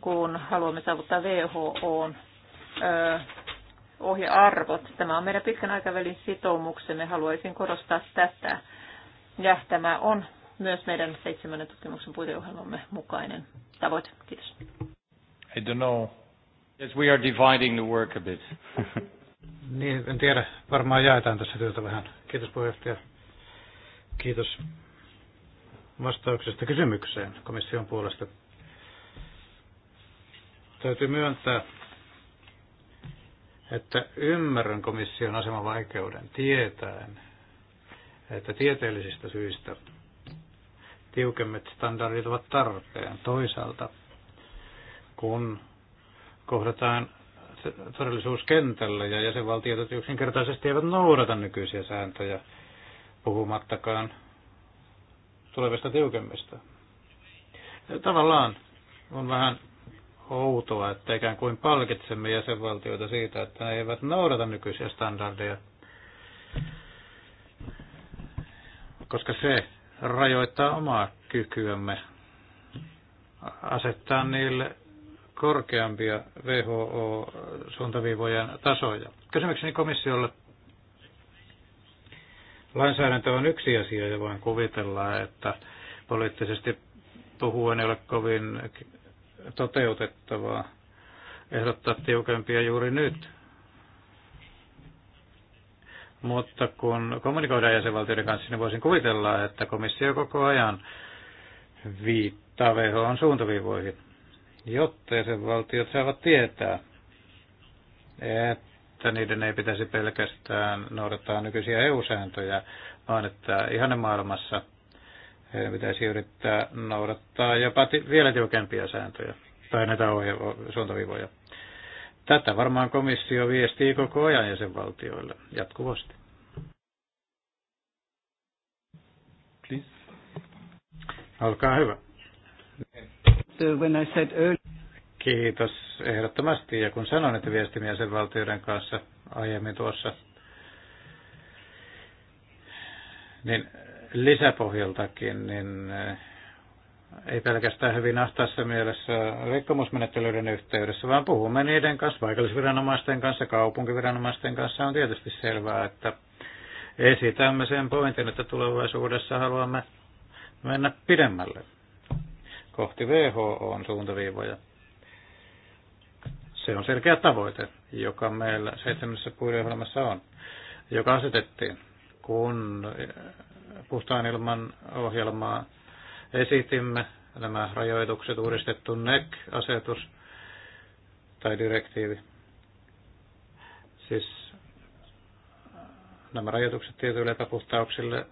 kun haluamme saavuttaa WHOn ohjearvot. Tämä on meidän pitkän aikavälin sitoumuksemme, haluaisin korostaa tätä. Ja tämä on myös meidän seitsemännen tutkimuksen puiteohjelmamme mukainen tavoite. Kiitos.
I don't know Yes, we are dividing the work a bit. niin, en tiedä. Varmaan jaetaan tässä työtä vähän. Kiitos puheenjohtaja. Kiitos vastauksesta kysymykseen komission puolesta. Täytyy myöntää, että ymmärrän komission vaikeuden tietäen, että tieteellisistä syistä tiukemmat standardit ovat tarpeen. Toisaalta, kun kohdataan todellisuuskentällä ja jäsenvaltiot yksinkertaisesti eivät noudata nykyisiä sääntöjä, puhumattakaan tulevista tiukemmista. Tavallaan on vähän outoa, että ikään kuin palkitsemme jäsenvaltioita siitä, että ne eivät noudata nykyisiä standardeja, koska se rajoittaa omaa kykyämme asettaa niille korkeampia WHO-suuntaviivojen tasoja. Kysymykseni komissiolle. Lainsäädäntö on yksi asia ja voin kuvitella, että poliittisesti puhuen ei ole kovin toteutettavaa ehdottaa tiukempia juuri nyt. Mutta kun kommunikoidaan jäsenvaltioiden kanssa, niin voisin kuvitella, että komissio koko ajan viittaa WHO- suuntaviivoihin jotta jäsenvaltiot saavat tietää, että niiden ei pitäisi pelkästään noudattaa nykyisiä EU-sääntöjä, vaan että ihan maailmassa pitäisi yrittää noudattaa jopa vielä tiukempia sääntöjä tai näitä ohje- suuntavivoja. Tätä varmaan komissio viestii koko ajan jäsenvaltioille jatkuvasti. Please. Olkaa hyvä
when I said earlier.
Kiitos ehdottomasti. Ja kun sanoin, että viestimme valtioiden kanssa aiemmin tuossa, niin lisäpohjaltakin, niin eh, ei pelkästään hyvin ahtaassa mielessä rikkomusmenettelyiden yhteydessä, vaan puhumme niiden kanssa, paikallisviranomaisten kanssa, kaupunkiviranomaisten kanssa. On tietysti selvää, että esitämme sen pointin, että tulevaisuudessa haluamme mennä pidemmälle kohti WHOn suuntaviivoja. Se on selkeä tavoite, joka meillä seitsemässä puhdeohjelmassa on, joka asetettiin, kun puhtaan ilman ohjelmaa esitimme nämä rajoitukset, uudistettu NEC-asetus tai direktiivi. Siis nämä rajoitukset tietyille epäpuhtauksille,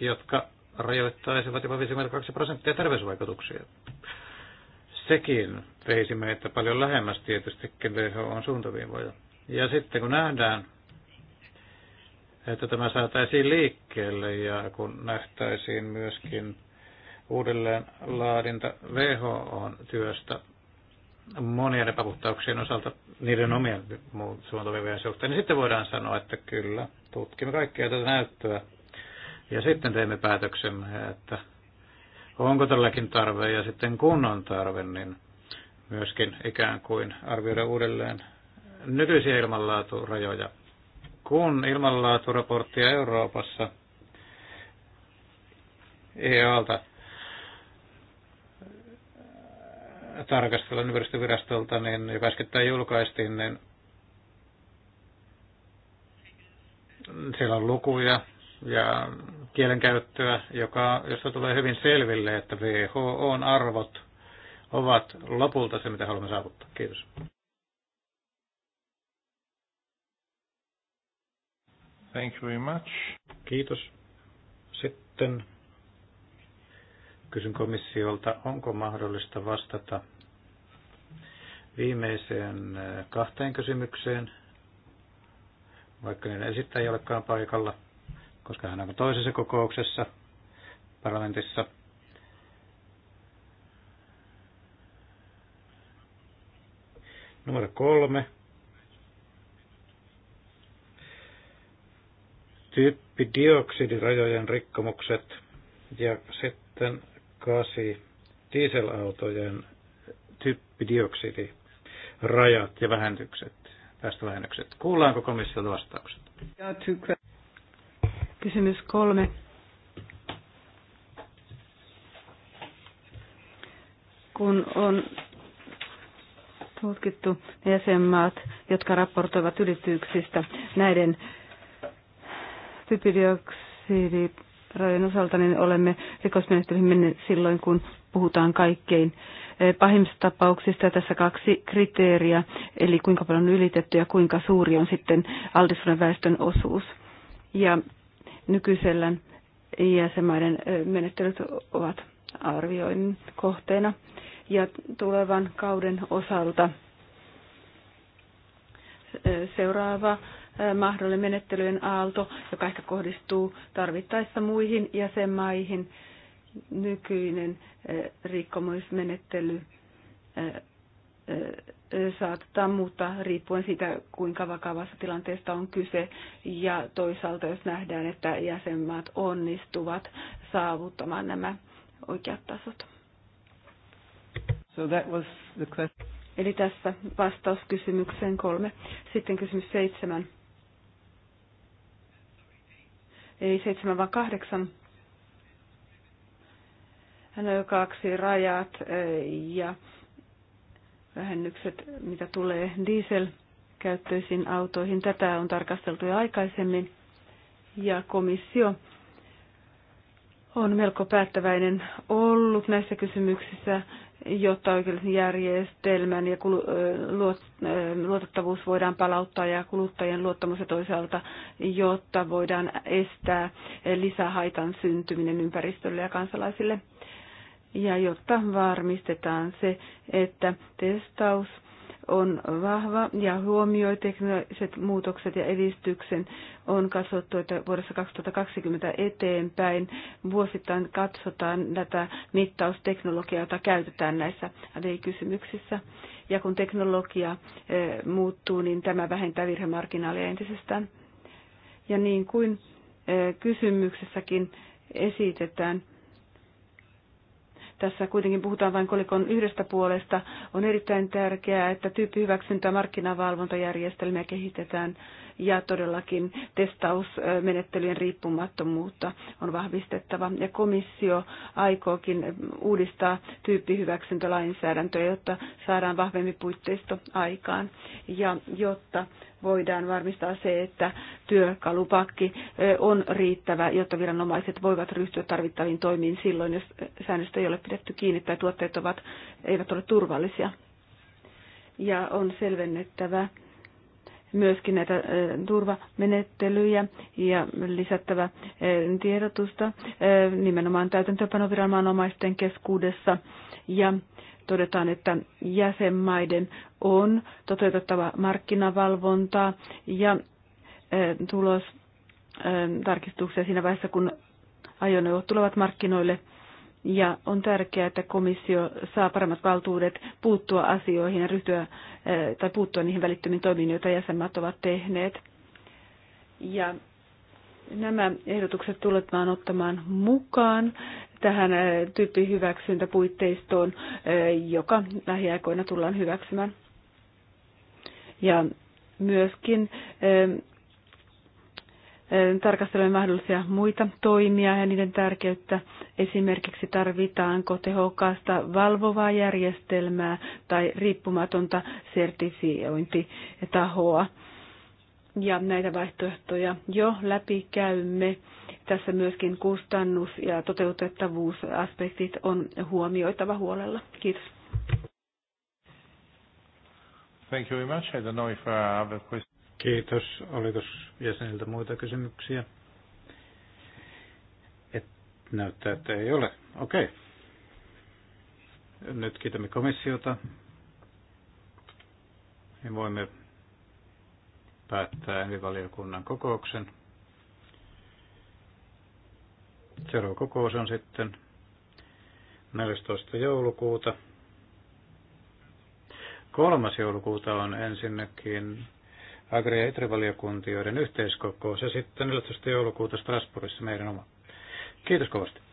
jotka rajoittaisivat jopa 52 prosenttia terveysvaikutuksia. Sekin veisi meitä paljon lähemmäs tietystikin WHOn suuntaviivoja. Ja sitten kun nähdään, että tämä saataisiin liikkeelle ja kun nähtäisiin myöskin uudelleen laadinta WHOn työstä monien epäpuhtauksien osalta niiden omien suuntaviivojen suhteen, niin sitten voidaan sanoa, että kyllä, tutkimme kaikkea tätä näyttöä ja sitten teemme päätöksemme, että onko tälläkin tarve ja sitten kun on tarve, niin myöskin ikään kuin arvioida uudelleen nykyisiä ilmanlaaturajoja. Kun ilmanlaaturaporttia Euroopassa EALta tarkastellaan ympäristövirastolta, niin joka äskettäin julkaistiin, niin siellä on lukuja ja kielenkäyttöä, joka, josta tulee hyvin selville, että WHOn arvot ovat lopulta se, mitä haluamme saavuttaa. Kiitos. Thank you very much. Kiitos. Sitten kysyn komissiolta, onko mahdollista vastata viimeiseen eh, kahteen kysymykseen, vaikka niiden esittäjä ei olekaan paikalla – koska hän on toisessa kokouksessa parlamentissa. Numero kolme. Tyyppidioksidirajojen rikkomukset. Ja sitten kasi dieselautojen tyyppidioksidirajat ja vähennykset, päästövähennykset. Kuullaanko komissiolta vastaukset?
Kysymys kolme. Kun on tutkittu jäsenmaat, jotka raportoivat ylityksistä näiden typidioksidirajojen osalta, niin olemme rikosmenettelyihin menneet silloin, kun puhutaan kaikkein eh, pahimmista tapauksista. Tässä kaksi kriteeriä, eli kuinka paljon on ylitetty ja kuinka suuri on sitten altistuneen väestön osuus. Ja nykyisellään jäsenmaiden menettelyt ovat arvioinnin kohteena. Ja tulevan kauden osalta seuraava mahdollinen menettelyjen aalto, joka ehkä kohdistuu tarvittaessa muihin jäsenmaihin, nykyinen rikkomusmenettely saatetaan muuttaa riippuen siitä, kuinka vakavassa tilanteesta on kyse. Ja toisaalta, jos nähdään, että jäsenmaat onnistuvat saavuttamaan nämä oikeat tasot. So that was the Eli tässä vastaus kysymykseen kolme. Sitten kysymys seitsemän. Ei seitsemän, vaan kahdeksan. Hän on kaksi rajat ja vähennykset, mitä tulee dieselkäyttöisiin autoihin. Tätä on tarkasteltu jo aikaisemmin ja komissio on melko päättäväinen ollut näissä kysymyksissä, jotta oikeudellisen järjestelmän ja luotettavuus voidaan palauttaa ja kuluttajien luottamus ja toisaalta, jotta voidaan estää lisähaitan syntyminen ympäristölle ja kansalaisille ja jotta varmistetaan se, että testaus on vahva ja huomioi tekniset muutokset ja edistyksen, on katsottu, että vuodessa 2020 eteenpäin vuosittain katsotaan tätä mittausteknologiaa, jota käytetään näissä kysymyksissä Ja kun teknologia eh, muuttuu, niin tämä vähentää virhemarginaalia entisestään. Ja niin kuin eh, kysymyksessäkin esitetään, tässä kuitenkin puhutaan vain kolikon yhdestä puolesta. On erittäin tärkeää, että tyyppihyväksyntä markkinavalvontajärjestelmiä kehitetään ja todellakin testausmenettelyjen riippumattomuutta on vahvistettava. Ja komissio aikookin uudistaa tyyppihyväksyntälainsäädäntöä, jotta saadaan vahvempi puitteisto aikaan ja jotta voidaan varmistaa se, että työkalupakki on riittävä, jotta viranomaiset voivat ryhtyä tarvittaviin toimiin silloin, jos säännöstä ei ole pidetty kiinni tai tuotteet ovat, eivät ole turvallisia. Ja on selvennettävä myöskin näitä turvamenettelyjä ja lisättävä tiedotusta nimenomaan täytäntöönpanoviranomaisten keskuudessa ja todetaan, että jäsenmaiden on toteutettava markkinavalvontaa ja eh, tulos eh, tarkistuksia siinä vaiheessa, kun ajoneuvot tulevat markkinoille. Ja on tärkeää, että komissio saa paremmat valtuudet puuttua asioihin ja ryhtyä eh, tai puuttua niihin välittömiin toimiin, joita jäsenmaat ovat tehneet. Ja Nämä ehdotukset tuletaan ottamaan mukaan tähän eh, tyyppihyväksyntäpuitteistoon, eh, joka lähiaikoina tullaan hyväksymään. Ja myöskin eh, tarkastelemme mahdollisia muita toimia ja niiden tärkeyttä. Esimerkiksi tarvitaanko tehokasta valvovaa järjestelmää tai riippumatonta sertifiointitahoa ja näitä vaihtoehtoja jo läpi käymme Tässä myöskin kustannus- ja toteutettavuusaspektit on huomioitava huolella. Kiitos.
Thank you very much. I don't know if I have a Kiitos. Oliko jäseniltä muita kysymyksiä? Et näyttää, että ei ole. Okei. Okay. Nyt kiitämme komissiota. Ja voimme päättää valiokunnan kokouksen. Seuraava kokous on sitten 14. joulukuuta. 3. joulukuuta on ensinnäkin Agri- ja Itrivaliokuntioiden yhteiskokous ja sitten
14. joulukuuta Strasbourgissa meidän oma. Kiitos kovasti.